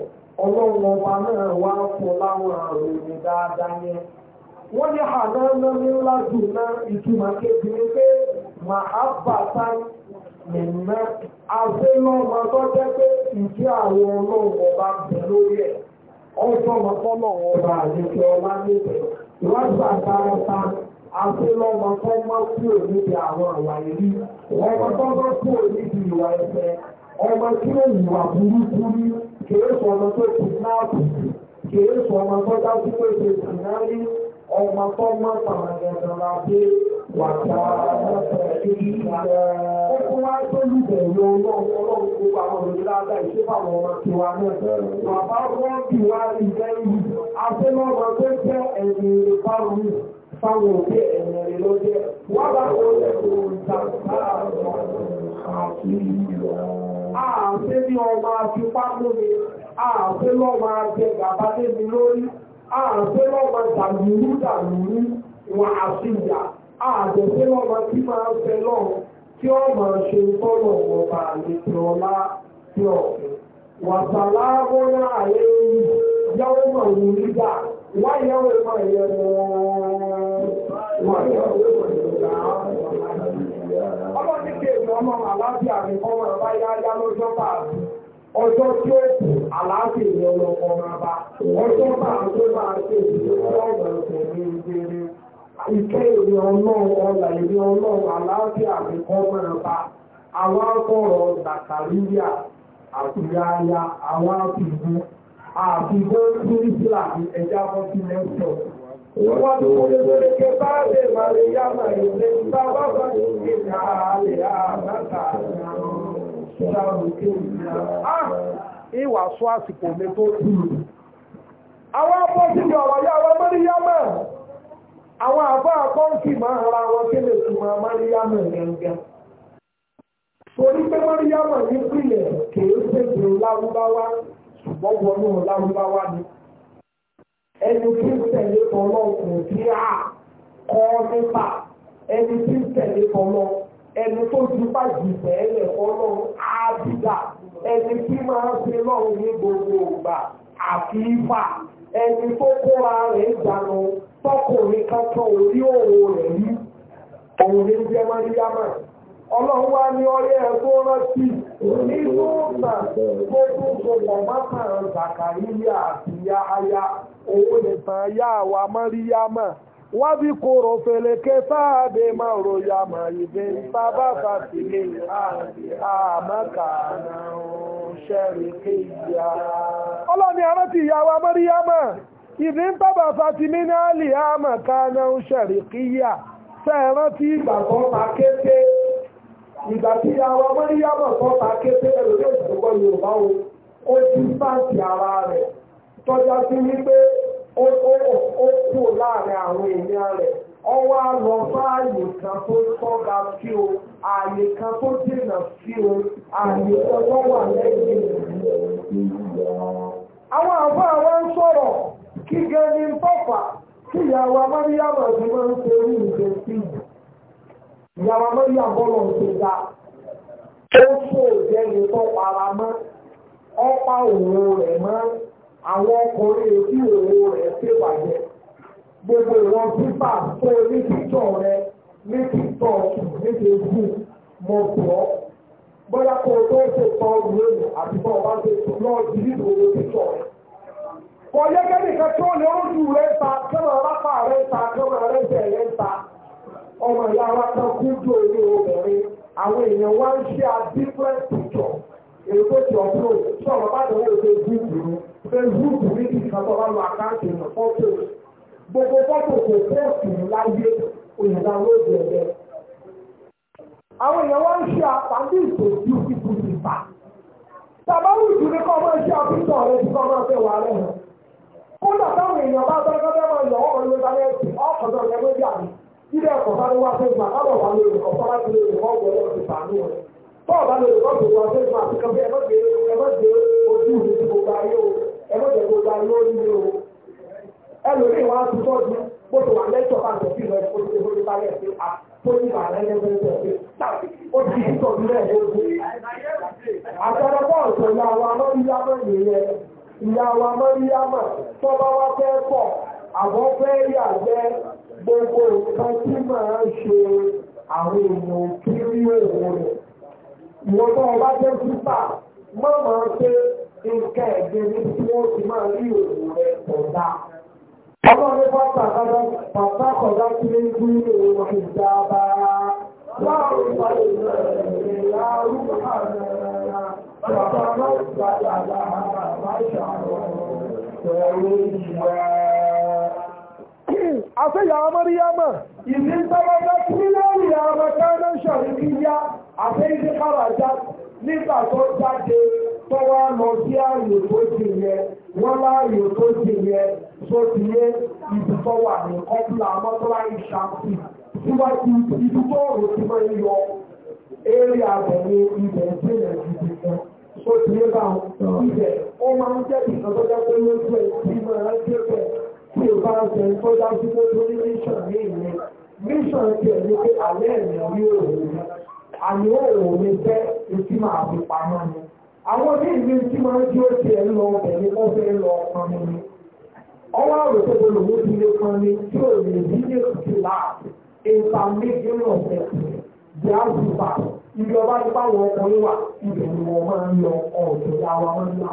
ọlọ́run ọba náà wá fún láwọn àròyìn dáadáa yẹn wọ́n ní àdáná ńlá jù náà ìtumọ̀ kejì ni pé màhábàtà nìmẹ́ àfẹ́lọ́mọ tó jẹ́ pé ìdí àwọn ọlọ́run ọba bẹ̀ lórí ẹ̀ ọjọ́ mọ́tọ́lọ̀ ọba àlejò ọlá níbẹ̀ ìwádìí tó àwọn àwàyè rí ọmọ tó ìwà ọmọ tí ó wà burúkú ní kìí sọ ọmọ tó ti náà kù kìí sọ ọmọ tó dájú pé ṣe sì náà rí ọmọ tó mọ́ tàmàgẹ̀dọ̀ra pé wà á lọ́sẹ̀ èyí ìgbà ó fún wa tó lùbẹ̀rù ọlọ́run ọlọ́run gbogbo àwọn olùdíláàdá ìṣẹ́fàwọn ọmọ tiwa náà bàbá rọ́ọ̀kì wa rí lẹ́yìn afẹ́lọ́rọ̀ tó jẹ́ ẹ̀yìn ìparun fáwọn òbí ẹ̀yìn rẹ̀ lọ́jẹ́ wà láwọn ẹ̀kọ́ ìtàkùn ààfé ní ọmọ afipá lórí ààfé lọ́mọ ajẹgàba lébi lórí ààfé lọ́mọ dàlúrú dàlúrú wà àṣìyà ààbẹ̀fé lọ́mọ tí máa fẹ́ lọ́rùn tí ó máa ṣe tọ́lọ̀ ọba àlejò ọlá tí ọ̀fẹ́ wàsàlá mọ́nà àyè yàwó mọ̀ wùlídà wáyàwó mọ̀ yẹ mọ́ wáyàwó mọ̀ yẹ mọ́ Ọlọ́run ti ké ìwọ̀n ọmọ àlàáfíà mi ọmọ ọba yá yá lọ́jọ́ bá a bí. Ọjọ́ tí ó kù àlàáfíà ìwọ̀n ọmọ ọmọ ọba. Ọjọ́ bá a tó bá a ṣe ìdílé ọmọ ọ̀sẹ̀ ní ìgbèrè. Ìké ìwọ̀n ọlọ́run ọlà ìwọ̀n ọlọ́run àlàáfíà mi ọmọ ọba. Àwọn akọ̀rọ̀ Zakariya àti Yaya àwọn àfihàn àfihàn Kírísìlà ẹja fọ́sí lẹ́sọ̀tù. وَنُرِيكَ بَعْدَ مَرْيَمَ ahụ بَابَهُ إِنَّ عَلَيْهَا مَتَعْنَا Ìwà sọ àsìkò mi tó dùn. Àwọn apọ́ sí ni ọ̀rọ̀ yá wa Mọ́ríyámọ̀. Àwọn àbá apọ́ ń kì máa ra wọn kí lè túnmọ̀ Mọ́ríyámọ̀ gẹ̀ǹgẹ̀. Torí pé Mọ́ríyámọ̀ ní pìlẹ̀ kìí ṣègbè Lárúbáwá ṣùgbọ́n wọnú Lárúbáwá ni. ẹni tí ń tẹ̀lé tọ́lọ́ kò kí á kọ́ nípa ẹni tí ń tẹ̀lé tọ́lọ́ ẹni tó ti bá jìbẹ́ ẹ̀lẹ̀ ọlọ́ ábídà ẹni tí máa ṣe lọ́rùn ní gbogbo ìgbà àfi ifá ẹni tó kóra rẹ̀ dànù tọkùnrin kankan orí òun rẹ̀ yí òun ní jẹ́ mọ́ríyámà ọlọ́run wá ní ọyẹ́ ẹ̀kọ́ rántí nínú ọ̀sán tó tún sọ̀rọ̀ mọ́tàn Zakariya àti Yahaya. òun nìtàn yá wa mọ́ríyámà wá bí kòrò fèlèké ya máa ròyà mà ìdè sábà fàtìlẹ̀ àmọ́kàánà ṣẹ̀rẹ̀kẹ́ ìyá. ọlọ́ni arántí ìyá wa mọ́ríyámà ìdí ń bàbà fàtìmí ní àlì àmọ́kàánà ṣẹ̀rẹ̀kẹ́ ìyá fẹ́ẹ̀rán tí ìgbà kan ta kété ìgbà tí àwa mọ́ríyámà kan ta kété ẹ̀rọ yóò ṣùgbọ́n yorùbá o ó ti ara rẹ̀. tọ́já sí wípé ó kú láàrin àwọn èèyàn rẹ̀ ọwọ́ lọ bá kan tó tọ́ga sí o àyè kan tó dènà sí o àyè kan tó wà lẹ́yìn àwọn àbá àwọn ń sọ̀rọ̀ kí gẹ́ni tọ́fà tí ìyàwó máa ń ṣe orí ìgbẹ́ sí ìyàwó lọ ṣe dá ó fò jẹ́ni tó para àwọn ọkùnrin èdè òwò rẹ̀ ṣe wàjẹ́ gbogbo ìwọ̀n pípà tó ní títọ̀ rẹ ní títọ̀ ní tẹ̀sù mọ̀ pọ̀ bóyá kó o tó ṣe tọ́ ìwéèrè àti bọ́ ọba ṣe tọ́ lọ́ọ́ di nínú owó títọ̀ rẹ. kò yẹ kẹ́ni kan tó lè ó ju rẹ ta kẹ́mọ̀ rápá rẹ ta kẹ́mọ̀ rẹ jẹ rẹ ta ọmọ ìyá wa kan kú ju orí obìnrin àwọn èèyàn wá ń ṣe a different picture èrò tó ti ọ̀pọ̀ tí ọ̀rọ̀ bá dẹ̀ wọ́n ṣe gbúgbùrú facebook ní ìkan tó bá lọ àkáǹtì ìyàn fọ́tò gbogbo fọ́tò kò pọ́ọ̀sì láyé òyìnbá lóde ẹ̀dẹ́ àwọn èèyàn wá ń ṣe àpàdé ìtòjú kíkú ti fà tàbáwù jù ní kọ́ máa ṣe àfihàn rẹ̀ tí kọ́ máa fẹ́ wà rẹ̀ hàn kódà táwọn èèyàn bá bá gbọ́dọ̀ máa yọ ọ́ lórí sáyẹ́ǹsì ọ̀kọ̀dọ̀ rẹ̀ lórí àmì ilé ẹ̀kọ́ bá ló wá fẹ́ gbà kábọ̀ wà lórí ẹ̀kọ́ bá láti lórí ẹ̀kọ́ ọ̀gbọ̀n lọ́wọ́ ti fàánú rẹ̀ tọ́ọ̀ bá lórí ẹ̀kọ́ tó wá fẹ́ gbà ẹgbẹ́jẹ̀ tó gba lórí ilé o ẹlòmíì wá sí tọ́jú bó ti wà lẹ́tọ̀ bá jọ sí ìlọ ẹ̀kọ́ tó lórí balẹ̀ pé a tó ní ìgbà rẹ̀ lẹ́gbẹ̀ẹ́ pé ó ti sí tọ́jú rẹ̀ lójú. àtẹ̀rẹ̀ bọ́ọ̀lù tó ìyá gbogbo nǹkan tí màá ṣe àwọn èèyàn kiri òun rẹ̀ ìwọ́n tó ọba jẹ́ sípà mọ́ màá ṣe nǹkan ẹ̀gbẹ́ ní tí wọ́n ti máa rí òwò rẹ̀ ọ̀dá. Ọlọ́run bá bàbá kọ̀dá tí lé ń gbé ní òun fi dá bá láàrùn ìpàdé ìrìn láàrùn àmàrà bàbá náà gbàdà láàrà bá ṣàrọ̀ ẹ̀rọ ìwà. Àfẹ́yà Amáríyámà, ìdí tọ́lọ́gbá tí lórí àwọn kánà ṣàríkíyá, àfẹ́ ìdí kàràjá nígbà tó jáde tọ́wọ́ lọ sí ààyè tó ti yẹ wọ́n láàyè tó ti yẹ tó ti yẹ ibùsọ̀ wà ní kọ́pìlà mọ́tọ́lá ìṣàkùn síwájú ibùsọ̀ ọ̀rọ̀ tí wọ́n ń yọ eré àbẹ̀yẹ ibẹ̀ tí yẹn ti ti tó ti yẹ bá ibẹ̀ ó máa ń jẹ́ ìsọdọ́jọ́ pé lójú ẹ̀ tí mo rẹ̀ ń jẹ́ bẹ̀ tí o bá ń jẹ́ tó dájú pé lórí mission ní ìlú mission ti ẹ̀ ní pé alẹ́ ẹ̀mí orí òòrùn àmì òòrùn mi jẹ́ etí máa pamọ́ ni àwọn ní ìlú tí máa ń jí ó ti ẹ̀ lọ ọbẹ̀ ní wọ́n fẹ́ lọ ọkàn mi ni ọwọ́ àrò tó gbọdọ̀ ló ti lé kan ní tí ò lè bí ní òkè láàbù ìta méjì náà fẹ́ bí a sì bá ìjọba ipá wọn ọkùnrin wà ibẹ̀ ni wọ́n máa ń lọ ọ̀dọ̀ yàrá wọn náà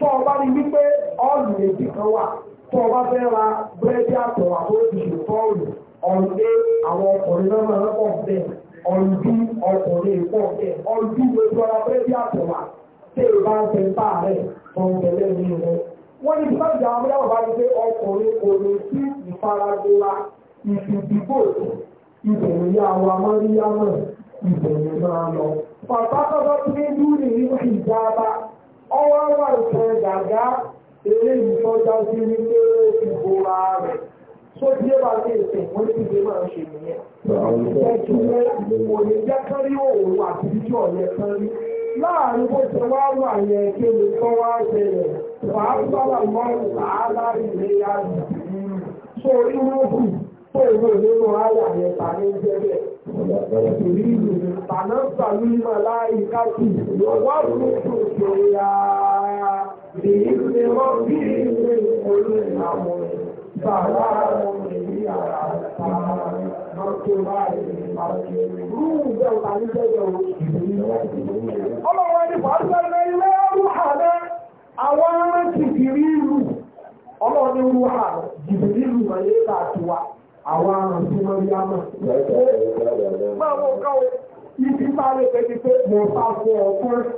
tó o bá ní wípé ọ́ọ̀lù èjì kan wà tó o bá fẹ́ ra búrẹ́dì àtọ̀ àbójútó tọ́ọ̀lù ọ̀nùdé àwọn ọkùnrin náà máa ń pọ̀ bẹ́ẹ̀ ọ̀nùdí ọkùnrin pọ̀ bẹ́ẹ̀ ọ̀nùdí gbogbo ara búrẹ́dì àtọ̀ wà tí ìbá ń tẹ bá rẹ̀ tó ń tẹ̀lé ní rẹ̀. wọ́n ní sáà ìjà àwọn ọmọdé wà pé ọkùnrin kò lè sí ìfaradora ìfìdìbò ìbẹ̀rù yá wa máa rí yá náà ìbẹ̀rù máa lọ. pàtàkọ́tọ́ tí ní dúró ní ìjàmbá ọwọ́ wà ìtàn gàgá eré ìtọ́já sí ní pé ó ti bora rẹ̀ tó bí ó bá lè sìn wọ́n ní ìgbé máa ń ṣe nìyẹn. ẹ̀jú rẹ̀ kò ní jẹ́ kán rí òòrùn àti láàrin bó ṣe wá wà yẹn kí ni tó wá ṣẹlẹ̀ wàá sábà mọ́ àálá ìlé àgbà so inú kù tó ìlú nínú àyà yẹn ta ní jẹ́bẹ̀ ìrí ìlú tàná sàlú ìmọ̀ láì káàkì wá fún ìṣòṣò ya èyí ṣe wọ́n bí ilé ìpolú ìlàmọ̀ bàbá àwọn èyí àrà àtàrà mọ́tò láì ìlú ìgbẹ́ òtàlíjẹ́jẹ́ òṣèlú Ọlọ́run ẹni pàṣẹ ilé rúhà náà, àwọn ará ti fi rí ìlú. Ọlọ́run ní rúhà jìbìrì ìlú màlẹ́ ìlà àtiwá, àwọn ará tí wọ́n rí àmà. Máa wọ́n káwọ́, ibi máa lè pẹ́ ti pé mo sá fún ọkùnrin.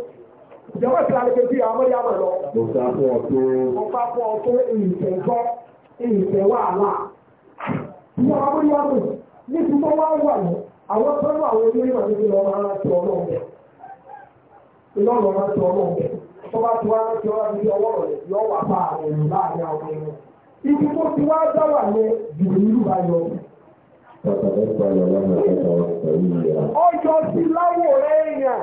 Ìjọba ti láti pé bí àwọn yàmà lọ. Mo sá fún ọkùnrin. Mo sá fún ọkùnrin ìfẹ̀gbọ́, ìfẹ̀wàhálà. Ìjọba àwọn yàmà ní ti mọ́ wá wà ní àwọn tọ́lú àwọn ilé ìwà níbi lọ́wọ́ ara ti ọlọ́run iná lọ rántí ọlọ́run bẹ̀ tó bá ti wá rántí ọlọ́run bí ọwọ́ rẹ̀ yọ wà bá àwọn ẹ̀rù láàrin àwọn ẹ̀rù ibi tó ti wá dá wà yẹn jùlọ ìlú bá yọ. ọjọ́ sí láwọ̀ rẹ̀ èèyàn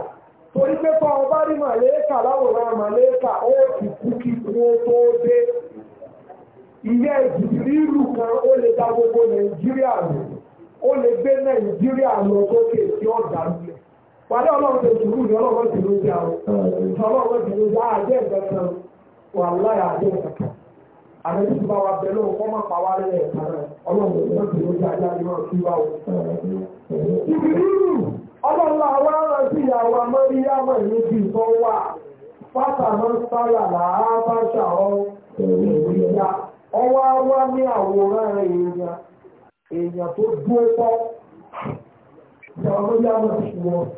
torí pé pa ọba rí màlẹ́kà láwòrán màlẹ́kà ó ti kú kí wọ́n tó dé ìyá ìjìbìrìlù kan ó lè dá gbogbo nàìjíríà lọ ó lè gbé nàìjíríà lọ sókè tí ó dá lulẹ̀. Wàlẹ́ ọlọ́run tó ṣùgbọ́n ní ọlọ́run ti ló jẹ́ àwọn. Ah, ọlọ́run ti ló jẹ́ àjẹ́ Wà láyà àjẹ́ ìgbẹ́kan. Àmì tí bá wa bẹ̀rẹ̀ òun kọ́ máa pa wá lẹ́yìn ẹ̀ka Ọlọ́run tó jẹ́ kí wá o. ọlọ́run sí ìyàwó ìtọ́ wà. sáyà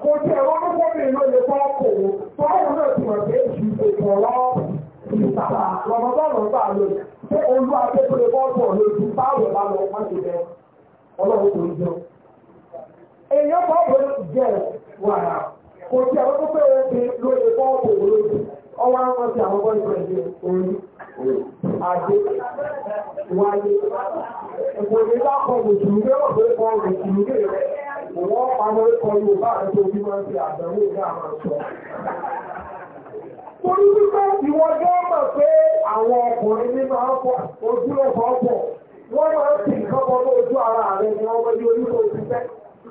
kò tí ẹ̀rọ nígbà ní ló lè fọ́ kò tó àwọn náà ti mọ̀ pé ètò ọ̀rọ̀ ìsàlà lọ́mọdọ́nà gbà lò pé olú akékeré bọ́ọ̀tù ọ̀rọ̀ ojú báwọ̀ bá lọ wọ́n ti bẹ ọlọ́run ń jẹun. èèyàn bọ́ọ̀bù wàrà kò tí ẹ̀rọ ọwọ́ àwọn ti àwọn bọ́ ìgbà ìgbà orí àdé wáyé ìwòye lápọ̀ mùsùlùmí wọ́n pé kọ́ mùsùlùmí rẹ̀ wọ́n pamọ́ ikọ̀ Yorùbá àti orí máa ń fi àdánwò ní àwọn àṣọ. Torí wípé ìwọ jẹ́ mọ̀ pé àwọn ọkùnrin ní máa ń pọ̀ ojú ọ̀pọ̀ ọ̀pọ̀ wọ́n máa ń fi nǹkan bọ́ lójú ara rẹ̀ ní ọmọ yìí orí tó ti fẹ́.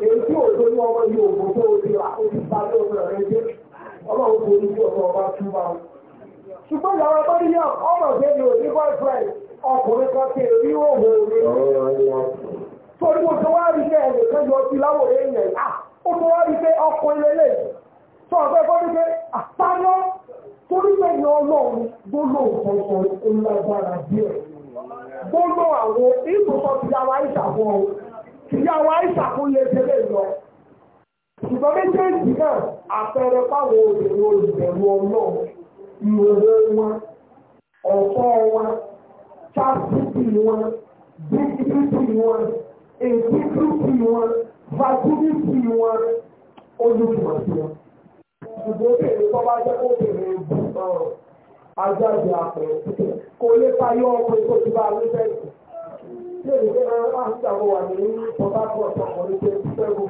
Èyí tí òjò ní ọmọ yìí òògùn tó ti rà ó ti parí ọmọ rẹ̀ jẹ́ ọlọ́run kò ní bí ọ̀tọ̀ ọba tún bá wọn. ṣùgbọ́n ìyàwó Mariam ọmọ ìgbẹ́ mi ò ní boyfriend ọkùnrin kan ti rí òwò rẹ̀. torí mo ti wá rí pé ẹnì kan yọ sí láwò èèyàn à ó ti wá rí pé ọkùnrin lélẹ̀ sọ ọ̀fẹ́ kọ́ ní pé àpáná torí pé ìyá ọlọ́run gbóló ọ̀sán olágbára díẹ̀ gbóló àwọn ìbùsọ̀ tìyàwó àìsàkó tìyàwó àìsàkó lè tẹ́lẹ̀ lọ ṣùgbọ́n méjèèjì náà àpẹẹrẹ fáwọn òṣèré olùbẹ̀rù ọlọ́ọ̀ ìhòòhò wọn ọ̀fọ́ wọn chastity wọn dignity wọn integrity wọn virginity wọn olùkùnmọ̀ sí wọn. ṣùgbọ́n bèrè tó bá jẹ́ kó bèrè ebù ọ̀rọ̀ ajáde àpẹẹrẹ kò lè fayọ ọmọ ètò tí bá lè bẹ̀rẹ̀. ṣé ìgbẹ́ máa ń dàgbọ́ wà ní port harcourt ọkùnrin tó ń fẹ́ wọn.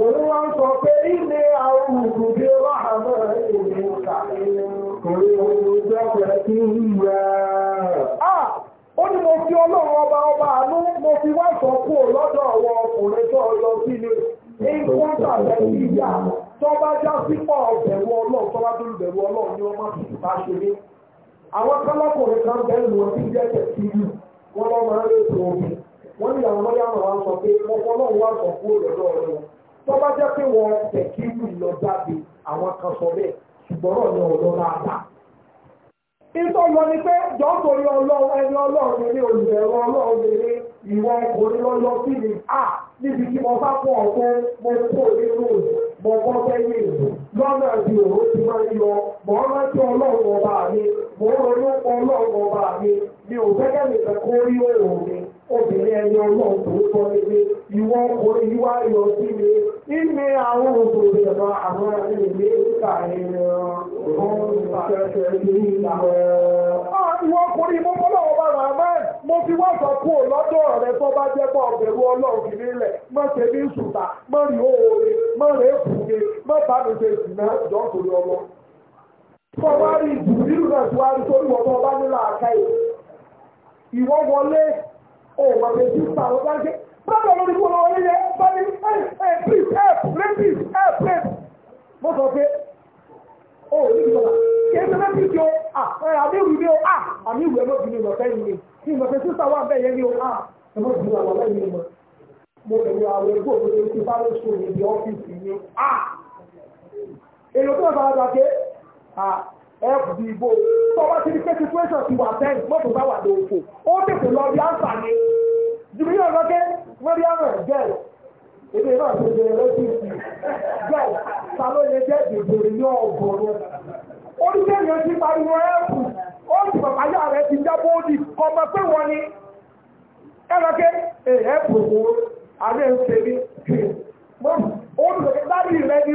Òun ń sọ pé ilé àwọn òkùnkùn wà àmọ́ ìrìn ìta. Kòrí jẹ́ pẹ̀lẹ́ tí ń yá. Ah! Ó ní mo fi ọlọ́run ọba ọba àánú, mo fi wá sọ ọkùnrin tó lọ Ní ọmọ ṣe ní. Àwọn sí jẹ́ wọ́n ní àwọn ọmọdé àwọn àwọn sọ pé ọkọ náà wà sọ fún òdòdó ọ̀rẹ́ wọn tó bá jẹ́ pé wọ́n tẹ̀kíwù lọ jáde àwọn kan sọ bẹ́ẹ̀ ṣùgbọ́n náà ni ọ̀dọ́ máa bá. ìtọ́ lọ ni pé jọ́sọ̀rí ọlọ́run ẹni ọlọ́run eré olùbẹ̀rọ ọlọ́run eré ìwọ ọkùnrin lọ́yọ́ sí mi à níbi tí mo bá pọ̀ ọ̀pọ̀ mo kó ilé lóòrùn mo kọ́ sẹ́yìn èlò lọ́nà àti òró ti máa ń lọ mo rántí ọlọ́run ọba mi mo ronú ọlọ́run ọba mi mi ò fẹ́ kẹ́mi kẹ́kọ́ rí òòrùn mi obìnrin ẹni ọlọ́run tó ń bọ́ nílé ìwọ ọkùnrin yíwá yọ sílé ìmí àwọn òṣèré ẹ̀rọ àwọn ilé níta ẹ̀rọ ìwọ ọkùnrin mo fọ́lọ́ ọba rahman mo fi sọ kú lọ́dọ̀ rẹ tó bá jẹ́ bọ́ ọ̀bẹ̀rù ọlọ́run nílẹ̀ má ṣe ní má rí má má bá mi ṣe ẹ̀wọ̀n lè ti pa àwọn báńkì bábà lórí fún ọmọ onílé bá ní ẹ̀ please help rapist help rape mo sọ pé ó ní ìjọba kí ẹ fẹ́ bí kí o àmì ìwé ni o àmì ìwé ló bí mi lọ sẹ́yìn ni kí n lọ fẹ́ sísá wà bẹ́ẹ̀ yẹn ni o ẹ mọ̀ sí àwọn ọlọ́yìn mi mo lè ní àwọn ẹgbẹ́ òṣèlú ti bá ló sọ ìdí ọ́fíìsì ni èèyàn tó ń bá a dà pé fb bò tọ́wọ́ ti di pé situation ti wà bẹ́ẹ̀ mọ́tò bá wà ní òfò ó tètè lọ bí àǹfààní jùmí yóò lọ gé lórí àwọn ẹ̀gẹ́ èdè náà ti bẹ̀rẹ̀ lójú ìsìn bẹ́ẹ̀ ta ló yẹ jẹ́ ìbèrè ní ọ̀gọ̀rọ̀ oníṣẹ́ yẹn ti pariwo ẹ̀kù ó sì bàbá yà rẹ̀ ti já bóódì ọmọ pé wọ́n ni ẹ̀rọ̀kẹ́ ẹ̀ẹ́pù wo àlẹ́ ń ṣe ní mọ́tò ó dùn lọ́kẹ́ dábìlì rẹ ní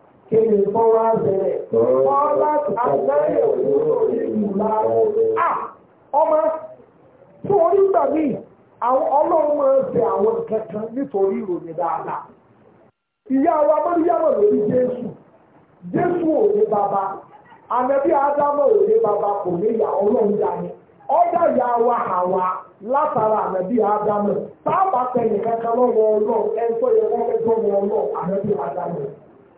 kí ni kọ́ wá bẹ̀rẹ̀ kọ́ láti àgbẹ̀rẹ̀ òwúrò ọmọ orí gbà ọlọ́run máa ń ṣe àwọn kankan nítorí ìròyìn dáadáa ìyá wa mọ́ríyámọ̀ lórí jésù jésù ò ní bàbá ànábì ádámọ̀ ò ní bàbá kò ní ìyá ọlọ́run dání ọjà ìyá wa látara lọ́wọ́ ọlọ́run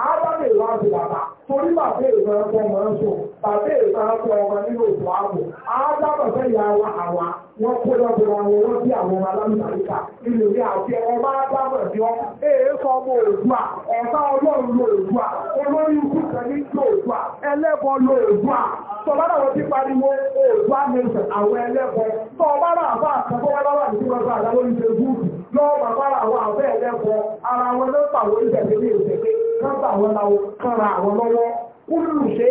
ádámì láti bàbá torí bàbá ìfẹ́ ọkọ̀ mọ̀ ń sùn bàbá ìfẹ́ ọmọ nínú òtò ààbò ádámì fẹ́ wa àwa wọ́n kó lọ́gbọ̀n àwọn wọ́n bí àwọn alámìtàríkà nínú ní àti ọmọ ádámì tí wọ́n èé sọ ọmọ òdùà ọ̀tá ọlọ́run lo òdùà olórí ikú kẹ́lí lo òdùà ẹlẹ́bọ lo òdùà tọ́lára wọn ti pariwo òdùà nation àwọn ẹlẹ́bọ tọ́lára àbá àtàkọ́wọ́ lọ́wọ́ àti ìgbàgbọ́ àdáwọ́ ìṣègùn lọ́wọ́ bàbá àwọn àbẹ́ ẹlẹ́bọ ara wọn ló pàwọ́ ìṣẹ̀lẹ̀ kábà wọn la kára àwọn lọ́wọ́ kúlù ṣe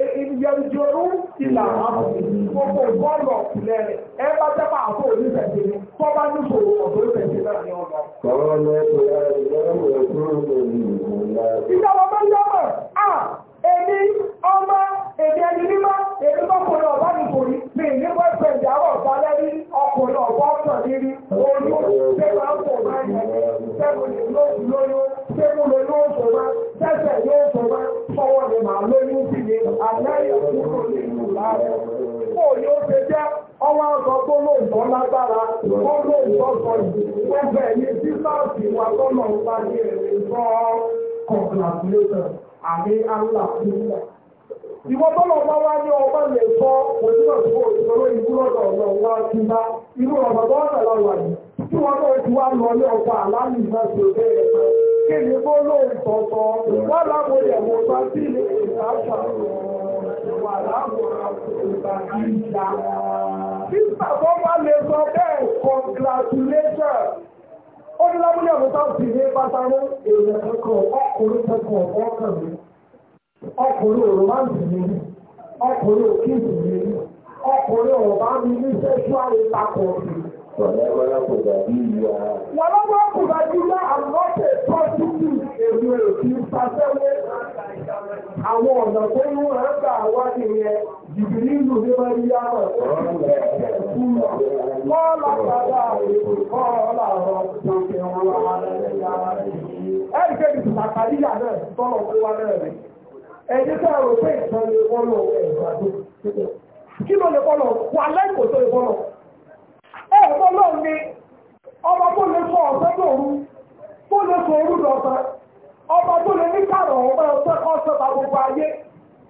ìlà àbò gbogbo bọ́ọ̀lù ọ̀kùnlẹ̀ rẹ̀ ẹ bá jábà àbò oníṣẹ̀ṣẹ̀ tó bá níṣòro ọ̀dọ́ oníṣẹ̀ṣẹ̀ náà ni ọ̀nà. ebi ọma ebe ẹni mímọ́ èmi ọba ọ̀bá nìkòrí mi ní boyfriend àwọn ọ̀bá lẹ́rí ọkùnrin ọ̀bá ọ̀sán ṣé máa ń máa yẹ lè lè máa yóò máa fọwọ́ ni màá lóyún sí ni àlẹ́yìn láàrẹ̀. o yóò ṣe jẹ́ ọwọ́ ọ̀sán tó lóòótọ́ lágbára lóòótọ́ congratulations àmì allah kúrúlà. ìwọ bọ́lọ̀ bá wá ní ọgbà lè sọ òjúbọ̀ tó kó ìṣòro ìbúrọ̀dọ̀ ọ̀nà wá sí bá irú ọ̀nà tó wọ́n tẹ̀lé wà yìí tí wọ́n náà ti wá lọ ní ọkọ̀ àlálì náà ṣe bẹ́ẹ̀ náà kí ni bó lóun tọ̀tọ̀ wọ́n láwọn olè mọ̀ bá sí ilé ìdáṣà wà láwọn ìgbà ìjà. Sísà tó bá lè sọ bẹ́ẹ̀ congratulations ó ní lábúlé àbútá sì ní pátánú èrò kankan ọkùnrin kankan ọkàn mi ọkùnrin òròmáǹtì mi ọkùnrin òkìtì mi ọkùnrin ọ̀bá mi ní sẹ́ṣúárì takọ̀ mi. àwọn ọ̀nà tó ń rán gbà wá nìyẹn ìbìlínú ní bá rí yára kọ́ọ̀lá padà kọ́ọ̀lá ọ̀rọ̀ ìgbòkè wọn ara rẹ̀ yára rẹ̀. ẹ̀rí pé ìtù làkàríyà náà tọ́lọ̀ kó wá náà rẹ̀. ẹ̀jẹ̀ tẹ́ ẹ̀rọ pé ìtàn lè wọ́lọ̀ ẹ̀rọ kí ló lè bọ́lọ̀ wà lẹ́kọ̀ọ́ tó lè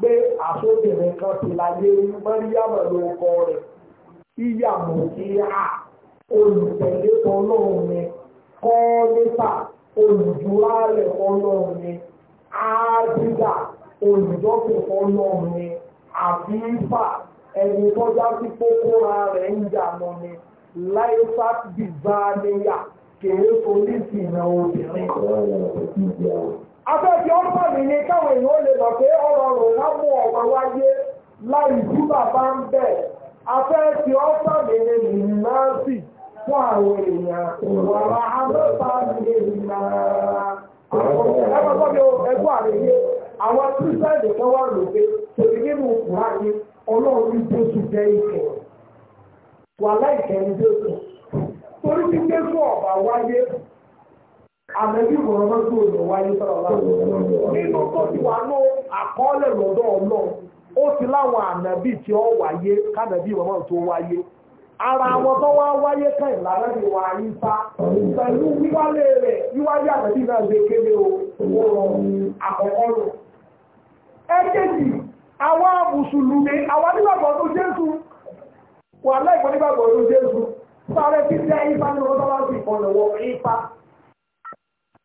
pé àṣọ́bìnrin kan ti láyé mọ́ríyàmọ̀ ló kọ rẹ̀ ìyàmù kí á olùtẹ̀lé ọlọ́run ni kọ́ nípa olùdúrálẹ̀ ọlọ́run ni áádìgbà olùdọ́sìn ọlọ́run ni àfífà ẹni tọ́já sí kókóra rẹ̀ ń jànà ni láìsàt bìbá níyà kèé solífì ìran obìnrin. afẹ́fẹ́ ọ̀pọ̀ mi ni káwọn èèyàn lè lọ pé ọ̀rọ̀ ọ̀rọ̀ lámú wáyé láì jú bàbá ń bẹ̀ afẹ́fẹ́ ọ̀pọ̀ mi ni nìmọ́sì fún àwọn èèyàn wàrà amẹ́fà mi nà àwọn kírísítẹ́nì kan Àmẹ́bí ìwòrán mọ́tò òyìnbó wáyé sọ́rọ̀ ọlọ́run. Nínú tó ti wà ní àkọọ́lẹ̀ lọ́dọ̀ ọlọ́run, ó ti láwọn ànábì tí ó wáyé kánàbí ìwòrán tó Ara tó wá wáyé wà ní Pẹ̀lú wíwálé rẹ̀, wíwáyé o, ó rọrùn àkọ́kọ́ rò. Ẹ̀kejì, àwọn mùsùlùmí, àwọn nígbàgbọ́ tó Jésù, wà tó Jésù, sáré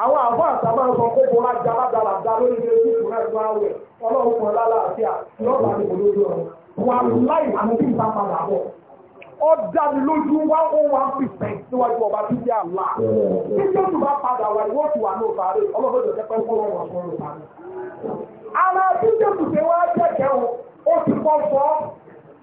àwọn àbọ̀ àtàmà sọ pé mo máa jà ládàlà dá lórí ilé ìdìbò náà ló àwẹ̀ ọlọ́run kan lálàáfíà lọ́ba ni mo lójú ọ̀run wà láì àmì bí ìta padà bọ̀ ó dá mi lójú one oh one percent níwájú ọba tí jẹ́ àlá tí jésù bá padà wà ní wọ́ọ̀tù wà ní òtàrí ọlọ́run ló jẹ́ pé kó lọ́wọ́ ọ̀sán òtàrí. ara tí jésù ṣe wá jẹ́kẹ̀ẹ́ o ó ti kọ́ sọ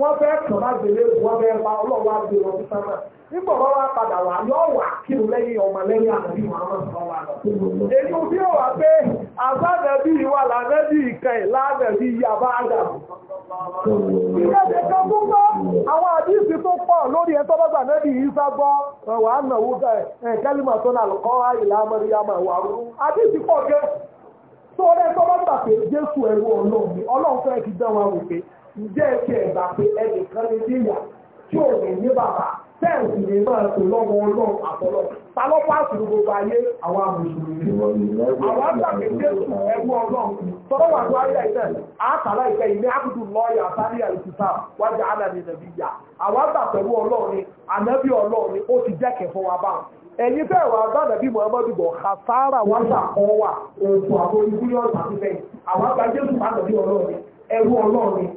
wọ́n fẹ́ kàn má wọ́n fẹ́ ọlọ́wọ́ àgbè wọn fún sámà nígbà wọn wá padà wá yọ wà kírun lẹ́yìn ọmọ lẹ́yìn àbí èyí ò wà pé wà lànàbí ìkẹyìn lànàbí yàbá kan àwọn àdìsí tó pọ̀ lórí ẹ̀tọ́ bàbà nẹ́bí yìí wà bẹ́ẹ̀ tó wà rú. àdìsí pọ̀ gẹ́ Jésù ǹjẹ́ ẹ̀kẹ́ ẹ̀bà pé ẹnìkan lè dé ìyà tí ò lè ní bàbá bẹ́ẹ̀ sì lè máa tò lọ́wọ́ ọlọ́run àtọ́lọ́ ta ló bá sùn gbogbo ayé àwọn amòṣùlùmí àwọn àgbàgbé jésù ẹ̀wù ọlọ́run tọ́lọ́ wà tó ayé ẹ̀sẹ̀ àtàlà ìfẹ́ ilé abudu lọ́ọ̀yà sáré àlùkùsà wájà alàdé nàbí yà àwọn àgbà pẹ̀lú ọlọ́run ànábì ọlọ́run ó wà bá nàbí bọ̀ hasara wọn là kọ́ wà òògùn àbórí búlíọ̀nù àti bẹ́ẹ̀ àwọn àgbà bá nàbí ọlọ́run ẹ̀wù ọlọ́run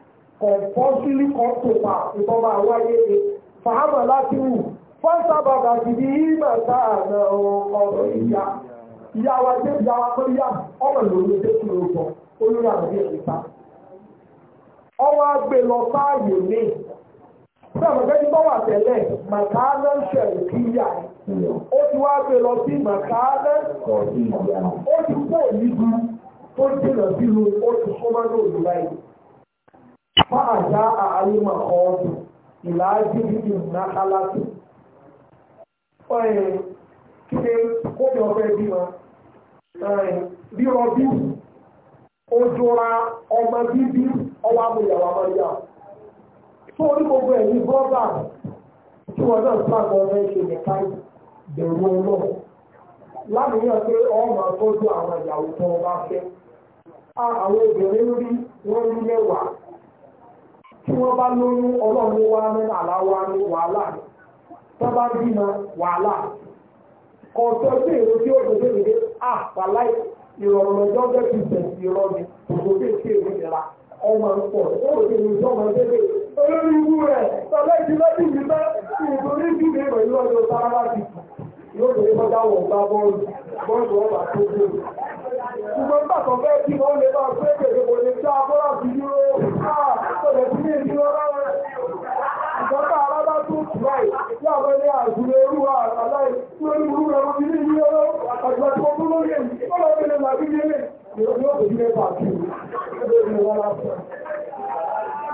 kọ̀ǹpọ́sílì kan tó pa ìbọ̀bà àwáyé ni fàámà láti wù fọ́nsábàbà sì ní ìmọ̀ sáà náà ọ̀rọ̀ ìyá ìyá wa dé ìyá wa pé yá ọmọ lòlú dé kí ló sọ olórí àbí ìta ọwọ́ agbè lọ sáàyè mi sọ̀rọ̀gẹ́ ní bọ́wà tẹ́lẹ̀ màkánà ṣẹ̀rù kí yà ó ti wá agbè lọ sí màkánà ó ti kú òní ju tó jìnà sí lu ó ti súnmọ́ ní òdùbáyìí. fa'aja a alima a ìlàájírí ìnákálátù ọ̀rìn kí ni kó ní ọ̀fẹ́ bí wọn bí ọbí ojúra ọmọ bíbí ọwọ́ amúyàwó amáyà tó orí gbogbo ẹ̀yìn bọ́ọ̀bà tí wọ́n náà pàgọ́ ọmọ ẹ̀ṣẹ̀ nìka bẹ̀rù ọlọ́ láàrin pé ọmọ tí wọ́n bá lóyún ọlọ́run wá nínú àláwá ní wàhálà tó bá bímọ wàhálà kọ̀ọ̀tọ́ sí èrò tí ó dòdò ìdè àpàlá ìrọ̀rùn ọjọ́ bẹ́ẹ̀ ti bẹ̀ sí mi kò tó sí èrò ìlera ọmọ pọ̀ ó rò pé ń olórí rẹ̀ tọ́lá bẹ́ bí mi rẹ̀ yóò lọ Ìjọba alábá tó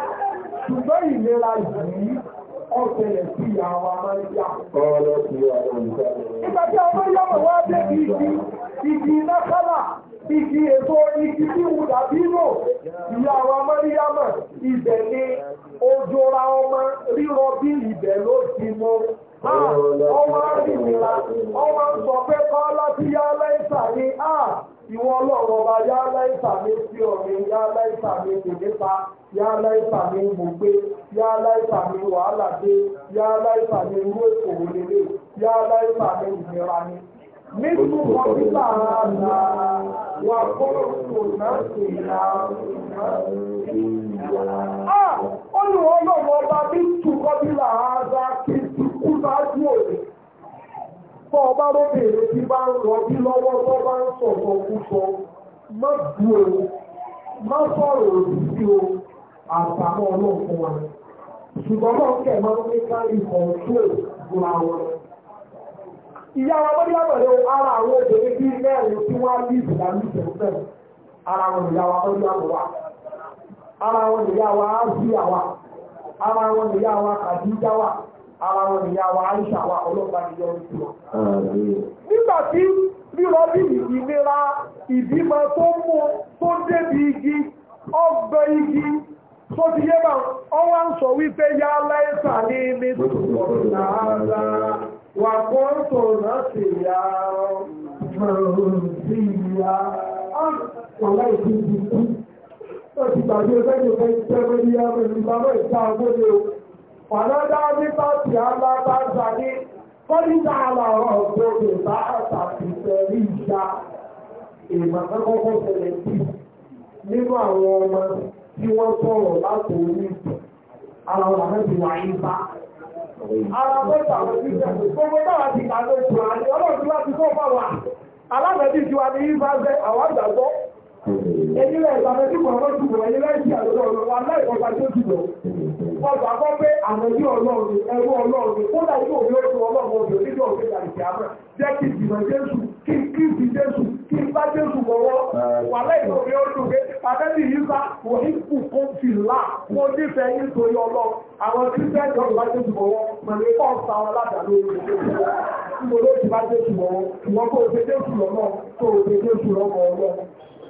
kù láì ìlera yìí ọ̀sẹ̀lẹ̀ sí àwọn amáyíyá. Ọ̀rọ̀ sí àwọn ìṣẹ́. Nígbà tí ọmọ yọmọ̀ wá dé bí igi, igi nákàlà, igi èso igi tí wù dàbí rò, ìyá àwọn amáyíyá mọ̀, ibẹ̀ ni ojora ọmọ rírọ bí ibẹ̀ ló ti mọ. Ọmọ arìnrìnà, ọmọ sọ pé kọ́ láti yá láìsà ni, ìwọ ọlọ́run ọba yá láìsà ni sí ọ̀rẹ́ yá láìsà ni kò nípa yá láìpà ní mo gbé yá láìpà ní wàhálà dé yá láìpà ní irú èkó wo lélẹ̀ yá láìpà ní ìnira ni. Nítorí wọn ti bá a nà wà kóró kò náà sì nà á. Ah! Olùwọ́lọ́wọ́ ọba bí tukọ́ bí làásà kì í ti kú sáájú òde. Bọ́ ọba lóbìnrin tí bá ń rọbí lọ́wọ́ tó bá ń sọ̀tọ̀ kú sọ, má bu o, má sọ̀rọ̀ òdì sí o àtàmọ́ ọlọ́run fún wa ṣùgbọ́n náà kẹ̀ máa ń ní kárí kọ̀ọ̀tún ìgbòra wọn ìyá wa bọ́dí àbọ̀lẹ́ ara àwọn obìnrin bíi mẹ́rin tí wọ́n á bí ìbìlà ní ìṣẹ̀fẹ́ ara wọn ìyá wa bọ́dí àbọ̀wà ara wọn ìyá wa áṣíà wa ara wọn ìyá wa kàdíjà wa ara wọn ìyá wa àìṣà wa ọlọ́pàá ni yọ ojú wọn. nígbà tí rírọ bí ìnira ìbímọ tó mú tó débi igi ọgbẹ igi tó ti yé bá ọ wá ń sọ wípé yá láìsà ní ní tòkòtò ní ọmọ ìgbàmọ́ ìta ní kọ́lítà àlàrọ̀ ọ̀gbọ́dọ̀ bá àtàkùnfẹ́ rí ìjà èèmọ̀ kọ́kọ́ fẹ́lẹ̀ nínú àwọn ọmọ bí wọ́n sọ̀rọ̀ láti orí ara wọn àwọn wà ní bá. Ara mẹ́ta àwọn ti sẹ́kù gbogbo náà ti àti tí ti kọ́ bá wà. Alábẹ̀bí ti wà ní àwọn ọgbà gbọ́ pé àmọ́jú ọlọ́run ẹrú ọlọ́run kódà tí òun ló tún ọlọ́run ọdún nígbà òun ìgbà ìgbà àmọ́ jẹ́ kí ìgbìmọ̀ jésù kí n kí ìdí jésù kí n bá jésù bọ̀wọ́ wà lẹ́yìn òun yóò dùn pé pàtẹ́lì yìí bá wò ní kù kó fi là kó nífẹ̀ẹ́ yín torí ọlọ́run àwọn kírísítẹ́nì ọ̀rọ̀ bá jésù bọ̀wọ́ pẹ̀lú ikọ̀ ọ̀sà wọn ládàá lórí ìgbòho ti jésù bọ̀wọ́ ìwọ́n kó o ṣe jésù lọ́nà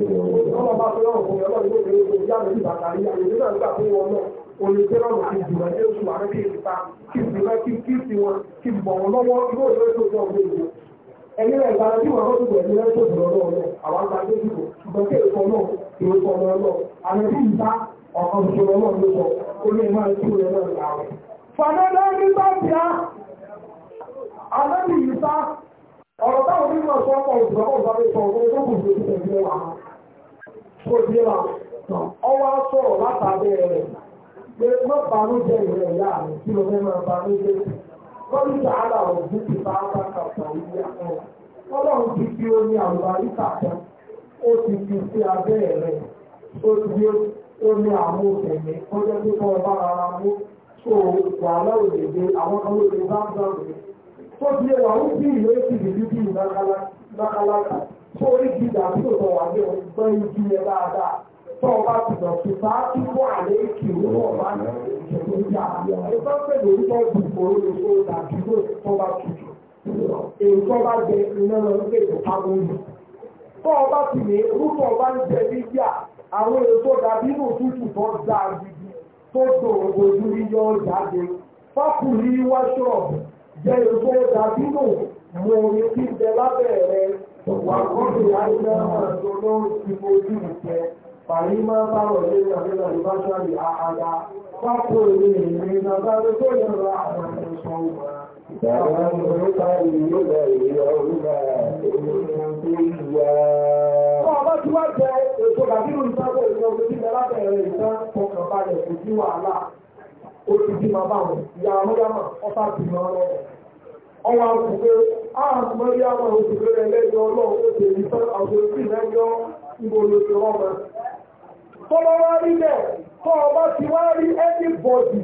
Ọlọ́run bá fi rọrùn fún mi, ọlọ́run ló fi rọrùn yá mi ní bàtà yìí, àyè náà nígbà fún wọn náà, olùgbé rọrùn ti jùlọ ní oṣù àrẹ kí n ta, kí n fìlẹ́ kí kí sí wọn, kí n bọ̀ wọn lọ́wọ́ yóò lórí tó jọ òun lòdì. Ẹni rẹ̀ gbára bí wọn lọ́dún ẹ̀mí rẹ̀ tó jùlọ lọ́wọ́ náà, àwọn àgbà tó jùlọ, ṣùgbọ́n kí èso náà, èso ọmọ náà, àrẹ bí ìta ọ̀kan ṣoṣo náà ló sọ, ó ní máa tú rẹ̀ náà láàrẹ̀. Fàdádá ní bàbíà, àlẹ́ mi yìí sá, ọ̀rọ̀ táwọn onímọ̀ sọ́kọ̀ òṣùwọ̀n ọ̀gbà tó dé wa tàn ọwọ́ sọ̀rọ̀ látàbẹ̀ rẹ̀ pé má banú jẹ́ ìrẹ̀ ìyá rẹ̀ kí ló fẹ́ máa banú jẹ́ wọ́n ní sàárà òbí ti bá bá kàtà ìlú àná ọlọ́run ti fi omi àlùbáríkà kan ó ti fi sí abẹ́ rẹ̀ ó ti gbé omi àwọn obìnrin kó bá ń bá òdè tó ti lè ó bí ìwé ti dìbí bí ìdákaláka tó orí gidi àti òtò wà ní ọgbẹ́ ibi yẹn dáadáa tó o bá ti dọ̀tí bá tí kó àlẹ́ kì í wọ́n bá ní ìṣẹ̀lẹ̀ ìyá ẹ̀ bá fẹ́ lórí tó o dùn kóró lè o dàbí tó tó bá tutù èyí tó bá jẹ iná lọ nílé ìdòkámú yìí o bá ti lè rúkọ̀ bá ń jẹ níyà àwọn èso dàbí inú tútù tó dáa gidi tó tó ojú yíyọ jáde bẹ lábẹ́ rẹ Wàkúrò àìjẹ́ ọ̀rọ̀ tó ló ti fojú ìtẹ́, pàrí máa bá rọ̀ lé ìrọ̀lẹ́lẹ̀ ìbáṣọ́lì àádá, pápò ilé ìrìnà bá ló tó yẹ̀rọ àwọn ẹ̀ṣọ́ wà. Ìgbàwọn ọmọ orúkà ìlú bẹ̀rẹ̀ ìrọ̀ orúkà ìrìnà tó yíwa. Ọba ti wá jẹ ètò gàbínú ìtàkọ̀ ìlú ọdún tí bẹ̀rẹ̀ bẹ̀rẹ̀ ìtàn kọkànbalẹ̀ kò sí wàhálà. Ó ti bí ma bá wọn, ìyá ọmọdé ọwọ́ àkùnkú ààrùn-ún yàmà òṣèré ẹlẹ́jọ́ ọlọ́run ó tèrí sọ́nà àwọn òṣèré lẹ́jọ́ ìgbòlòṣè ọmọ tọ́lọ́ wá rí bẹ́ẹ̀ tọ́ ọba ti wá rí anybody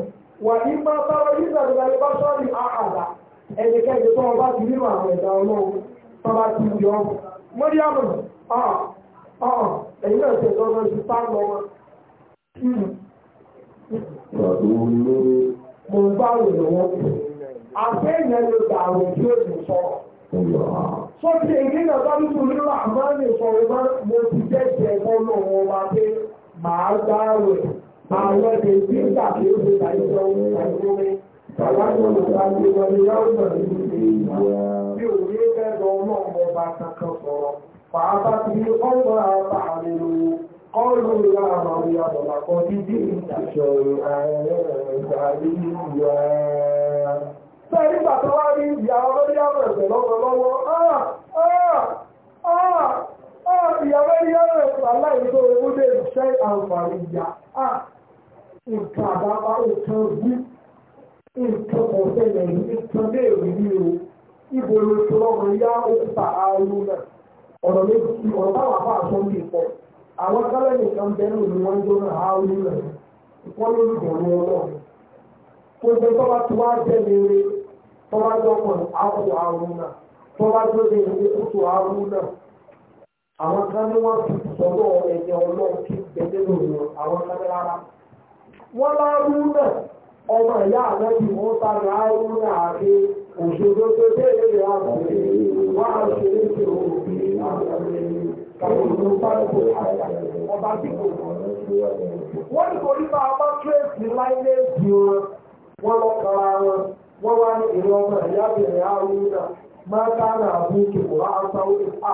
wà ní máa sára ní ìsàdùnàlẹ́ bá sọ́rí àhàdà ẹnikẹ́ni tọ́ ọba ti nínú àwọn ẹ̀dà ọlọ́run tọ́ba ti yọ mọ́ríàmù ah, ah, ah, ẹ̀yìn náà tẹ̀sọ́ lọ sí sáàlọ́ wọn hmm. mo ń bá rẹ̀ lọ́wọ́ àtẹ́yìn ló gbà àwẹ̀ tí ó lè sọ̀rọ̀. Sọ ti èdè náà bá nínú nínú àmọ́ni sọ̀rọ̀ bá mo ti jẹ́jẹ́ ẹ̀kọ́ náà wọn máa dé màá gbá rẹ̀ àwọn ẹ̀dẹ̀ tí ń gbà kí ó ṣe ìdájọ́ ìdájọ́ Àwọn olùgbàgbé wọlé láwùjọ nínú ilé ìwà bí òun ní bẹ́ẹ̀ lọ náà mọ bá kankan sọ̀rọ̀. Fàábà ti ní ọ̀pọ̀ àbá àlèrò ọ̀rọ̀ ìlà àwọn ìyá bọ̀lá kan dídí ìṣòro ààrẹ ìgbà yìí wá. Ṣé nígbà tó wá rí ìyá olórí ọ̀rọ̀ ẹ̀sẹ̀ lọ́wọ́ lọ́wọ́? Ìyàwó ẹ̀rí ọ̀rọ̀ ẹ̀sẹ̀ aláìsọ ewu lè ṣe àǹfààní ìyá. Nǹkan àdábá nǹkan bí nǹkan kò ṣẹlẹ̀ ní nǹkan lè o. Ibo ló ti lọ́mọ yá òkúta ààrùn náà. Ọ̀rọ̀ méjì ọ̀rọ̀ táwọn afọ àṣọ ń bì pọ̀. Àwọn kálẹ̀ nìkan bẹ́ẹ̀ ni wọ́n ń jóná ààrùn náà. Wọ́n ló ń dùn ní ọlọ́run. Gbogbo tó bá ti wá jẹ́ ní tọ́wá jọpọ̀ àpò àrùnà tọ́wá jọpọ̀ èyí kùtù àrùnà àwọn kan ní wọ́n fi sọ́dọ̀ ẹ̀yẹ ọlọ́run kí gbẹ́dẹ́ lòrùn àwọn kan rárá wọ́n lárúnà ọmọ ìyá àlẹ́bí wọ́n ta lárúnà àti òṣèlú tó bẹ́ẹ̀ rẹ̀ àbúrẹ́ wọ́n á ṣe é ṣe òbí àbúrẹ́ ọba tí kò wọ́n ní kò ní bá a bá tírèsì láìlẹ́ẹ̀dì wọn wọ́n lọ́kọ̀ọ́ra wọn. wọ́n wá ya ìrìn ya ẹ̀yà bẹ̀rẹ̀ àrùn na máa ká náà bú a ráńsá ó lè a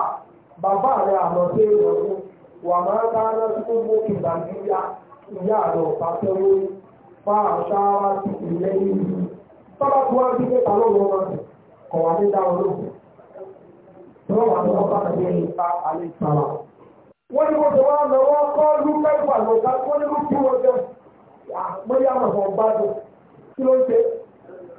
bàbá rẹ̀ àmọ́ sí èèyàn fún wà máa ká náà tó ìgbà níyà ìyá rẹ̀ ọ̀pá tẹ́wọ́ fà àṣàrà ti ìlẹ́ yìí ti wá lọ́wọ́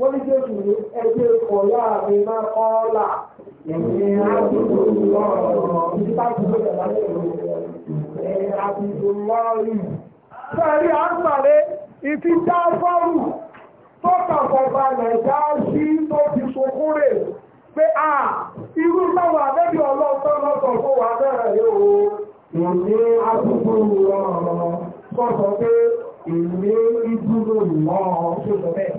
wọ́n ní jésù ní ẹgbẹ́ ọ̀la mi máa kọ́ ọ́là ẹ̀yìn àdúgbò lọ́rọ̀ ìdí bá ti gbọ́dọ̀ lálẹ́ ìròyìn ẹ̀yìn àdúgbò lọ́rọ̀ Sẹ́rí àgbàlẹ̀ ìfi dá fọ́rù tó kàfọ̀gbà nàìjá sí tó ti sokún rè pé à irú táwọn àbẹ́bí ọlọ́ọ̀tọ́ lọ́sọ̀ fún wa bẹ̀rẹ̀ yóò ìní àdúgbò lọ́rọ̀ sọ̀tọ̀ pé ìní ìdúró lọ́ọ̀ tó sọ bẹ́ẹ̀.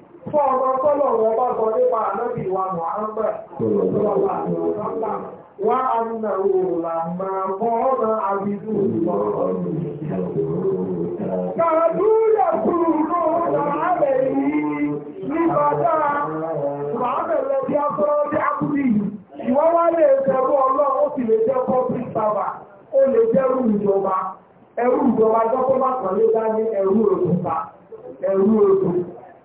fún ọ̀rọ̀ tọ́lọ̀ wọn bá sọ nípa ànábì wa Muhammad wá àmìnà òòlà ìjọba bá kàn dání òṣùpá òṣùpá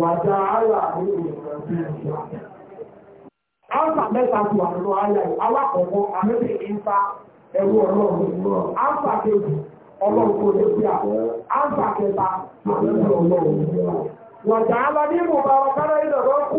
wàjá àyà àríwò ìrìnàjò alfa mẹ́ta tó àrùn àyà alákọ̀ọ́kọ́ ọlọ́run alfa ọlọ́run kò lè fi àwọn alfa kẹta àmẹ́bí ọlọ́run wàjá àlá ní ìmọ̀ bá ọlọ́run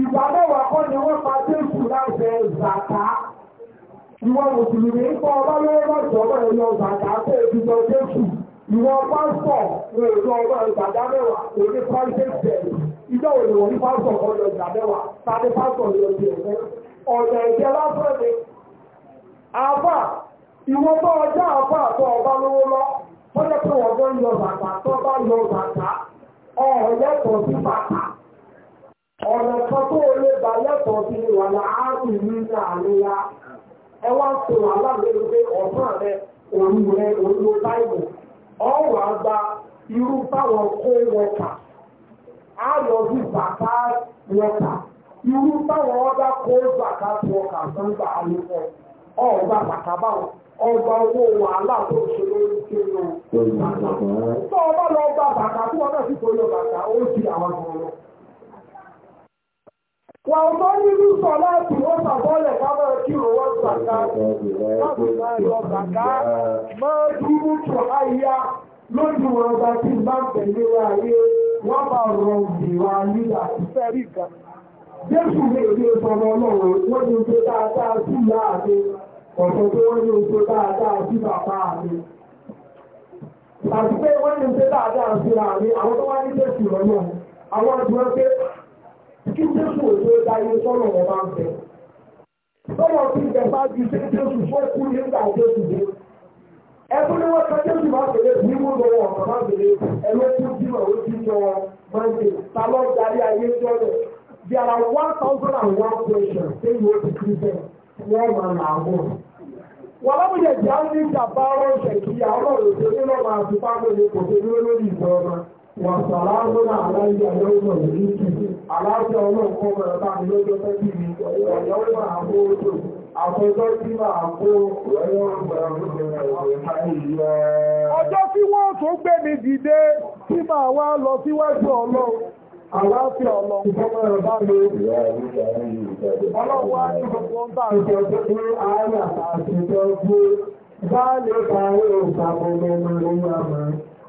ìgbà mẹ́wàá kọ́ ni wọ́n pa jésù láti zàtà ìwọ mùsùlùmí ń kọ́ ọba lọ́wọ́ ìjọba ẹ̀yọ zàtà tó èdè jésù ìwọ pásítọ̀ ní èdè ọba ìgbàdá mẹ́wàá kò ní private ìjọ òní wọ́n ní pásítọ̀ ọjọ́ ìgbà mẹ́wàá tàbí pásítọ̀ ní ọjọ́ ẹ̀fẹ́ ọ̀nà ìjẹ́ lásán ni àbá ìwọ bá ọjà àbá àtọ ọba lọ́wọ́ ọ̀nà kan tó lè bá lẹ́tọ̀ọ́ sí ni wà láàárù ní àríyá ẹ wá ń sọ aláàbẹ̀rù pé ọ̀sán rẹ òru rẹ òru àgbà irú kó wọ́tà á lọ sí bàtà irú kó bàtà bàtà báwọn ọgbà owó Wà ọmọ nínú sọ láti wọ́n sàbọ́lẹ̀ kámọ́ kí òwò ṣàká, láti máa yọ ṣàká, máa dúró tó àyà lójú wọn bá ti bá tẹ̀lé ayé, wọ́n bá rọ ìwà nígbà ìfẹ́ rí kan. Jésù ní èdè ìfọ̀nà ọlọ́run, wọ́n ti ṣe dáadáa sí ìyá àti ọ̀sọ̀ tó wọ́n ní ṣe dáadáa sí bàbá àti. Àti pé wọ́n ní ṣe dáadáa sí àárín àwọn tó wá ní Jésù lọ́nà, àwọn tí wọ́n pé kí jésù òjò dáyé sọ́nà wọn máa ń bẹ̀. sọ́nà tí ń bẹ̀ bá ju sí jésù fún ẹkú ní ìgbà jésù dé. ẹkú ni wọ́n ka jésù máa bèrè fún ìwé lọ́wọ́ ọ̀nà máa bèrè ẹlẹ́kùn jìnnà ó ti jọ máa ń bè ta lọ darí ayé sọ́nà. There are one thousand and one questions say you want to present wọ́n máa nà á mọ̀. wọ́n lọ́mú yẹ jẹ́ àwọn ní ìjàmbá ọ̀rọ̀ ṣèkí àwọn ọ̀rọ̀ òṣèlú lọ́mọ àti fáwọn ènìyàn kò wàsàlámúnà aláìyà lọ́wọ́ ìlúkì aláṣẹ ọlọ́pọ̀ mẹ́ta lọ́jọ́ tẹ́bí mi ọ̀yọ́wọ́ àbóòtò àfọjọ́ tí máa kó ọjọ́ tí wọ́n tó gbé mi dìde tí máa wá lọ síwájú ọlọ́run Àláfíà ọlọ́run kọ́mọ̀ ẹ̀rọ bá lè ọlọ́run á ní gbogbo ń bá ìjọ tó ní àárẹ̀ àti ìjọ gbé bá lè bá àwọn òṣàbọ̀ ọmọ ọmọ ọmọ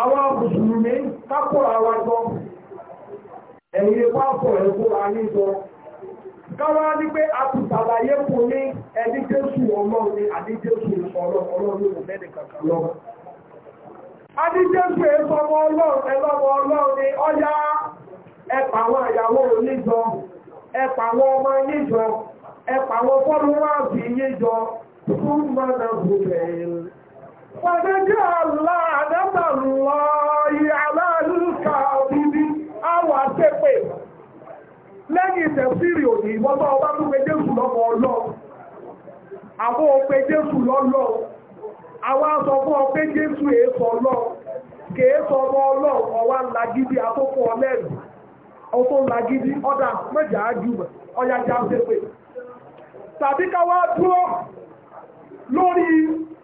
àwọn mùsùlùmí kápọ̀ra awa jọ ẹ̀yìn pápọ̀ ẹ̀kọ́ra ní jọ káwá ní pé a ti sàlàyé fún ní ẹni jésù ọlọ́run ní àdíjésù ọlọ́run mẹ́ni kankan lọ àdíjésù ẹ̀sọmọ ọlọ́run ẹlọ́mọ ọlọ́run ní ọya فنجعل لعنة الله على الكاذبين àwọn àtẹ́pẹ̀ lẹ́yìn ìtẹ̀sírì òní ìwọ́tọ́ ọba tó pe Jésù lọ́mọ ọlọ́ àwọn òpe Jésù lọ́lọ́ àwọn aṣọ fún ọpẹ́ Jésù èèfọ́ lọ kèèfọ́ ọmọ ọlọ́ ọwá lagidi àtọ́fọ́ ọlẹ́rù ọtọ́ lagidi ọ̀dà mẹ́jà ájúmọ̀ ọyájá tẹ́pẹ̀ tàbí káwá dúró lórí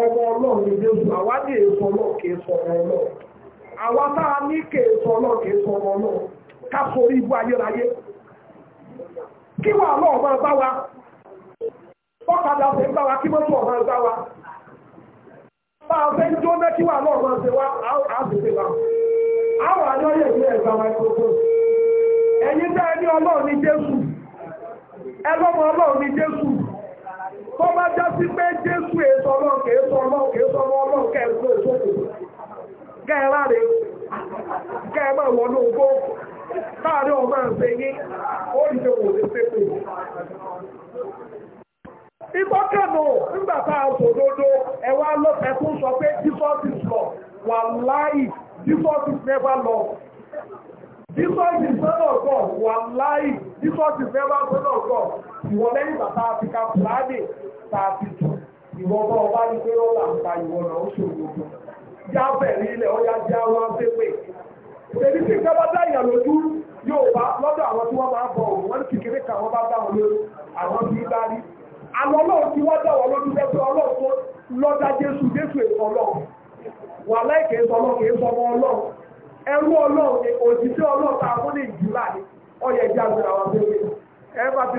ọmọ ọlọ́run ní Jésù àwa ní èso náà kìí sọ ọmọ ọlọ́run àwa tá sọ kìí sọ ọmọ náà. ká sórí ibú ayérayé kí wàá lọ́ọ̀ máa bá wa ọ̀kadà fẹ́ gbá wa kí wa bá wa á sì wa àwọn ìlú wa ìkókó ẹ̀yin ẹ ọlọ́run ní Jésù ẹ tó bá já sí pé jésù èso nke kìí ọlọ nke kìí sọ kẹ́ẹ̀sọ́ èso kẹ́ẹ̀rá rẹ̀ kẹ́ẹ̀mọ̀ wọnú ogbó láàrin ọmọ ẹ̀sẹ̀ yín ó dìde wò ní pépè ìgbọ́kànnù ńgbàtà ẹwà sọ pé jesus is lọ wà láì jesus is never lọ jesus is wà láì jesus is never thirty two ìwọ bá ọba ní pé ó là ń pa ìwọ náà ó ṣòro bẹ̀rẹ̀ ilẹ̀ ọ̀yá já wá èmi bá lójú yóò bá lọ́dọ̀ àwọn tí wọ́n máa bọ̀ òun wọ́n ti bá bá wọn lórí àwọn tí bá rí àwọn ọlọ́run tí wọ́n lójú ọlọ́run tó lọ́dá jésù jésù èso ọlọ́run wà a fún ní ìjùlá ni ọyẹ jáde àwọn ẹ bá ti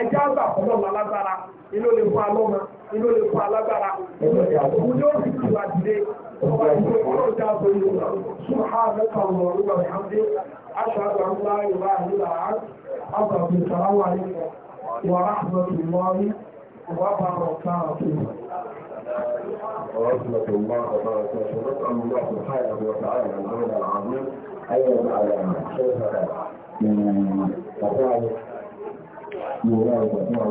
ẹjẹ́ àgbà fọlọ́mọ alágbára inú lè fún alọ́mọ inú lè fún alágbára inú lè fún yóò fi tù àdìdé ọba ìwé ọlọ́jà tó yẹ wà ṣùgbọ́n àgbẹ̀kọ̀ ọ̀rọ̀ ìwà ìhàndé aṣọ àgbà ńlá ìwà ìlà àgbà tó sàráwà ní wàrà àgbọ̀tò ìwọ́rí wà bá rọ̀ káàkiri. ورحمة الله وبركاته نسأل الله سبحانه وتعالى الجلال العظيم أن يجعل شيخنا من فضائله ìwòrán ọ̀gbọ̀n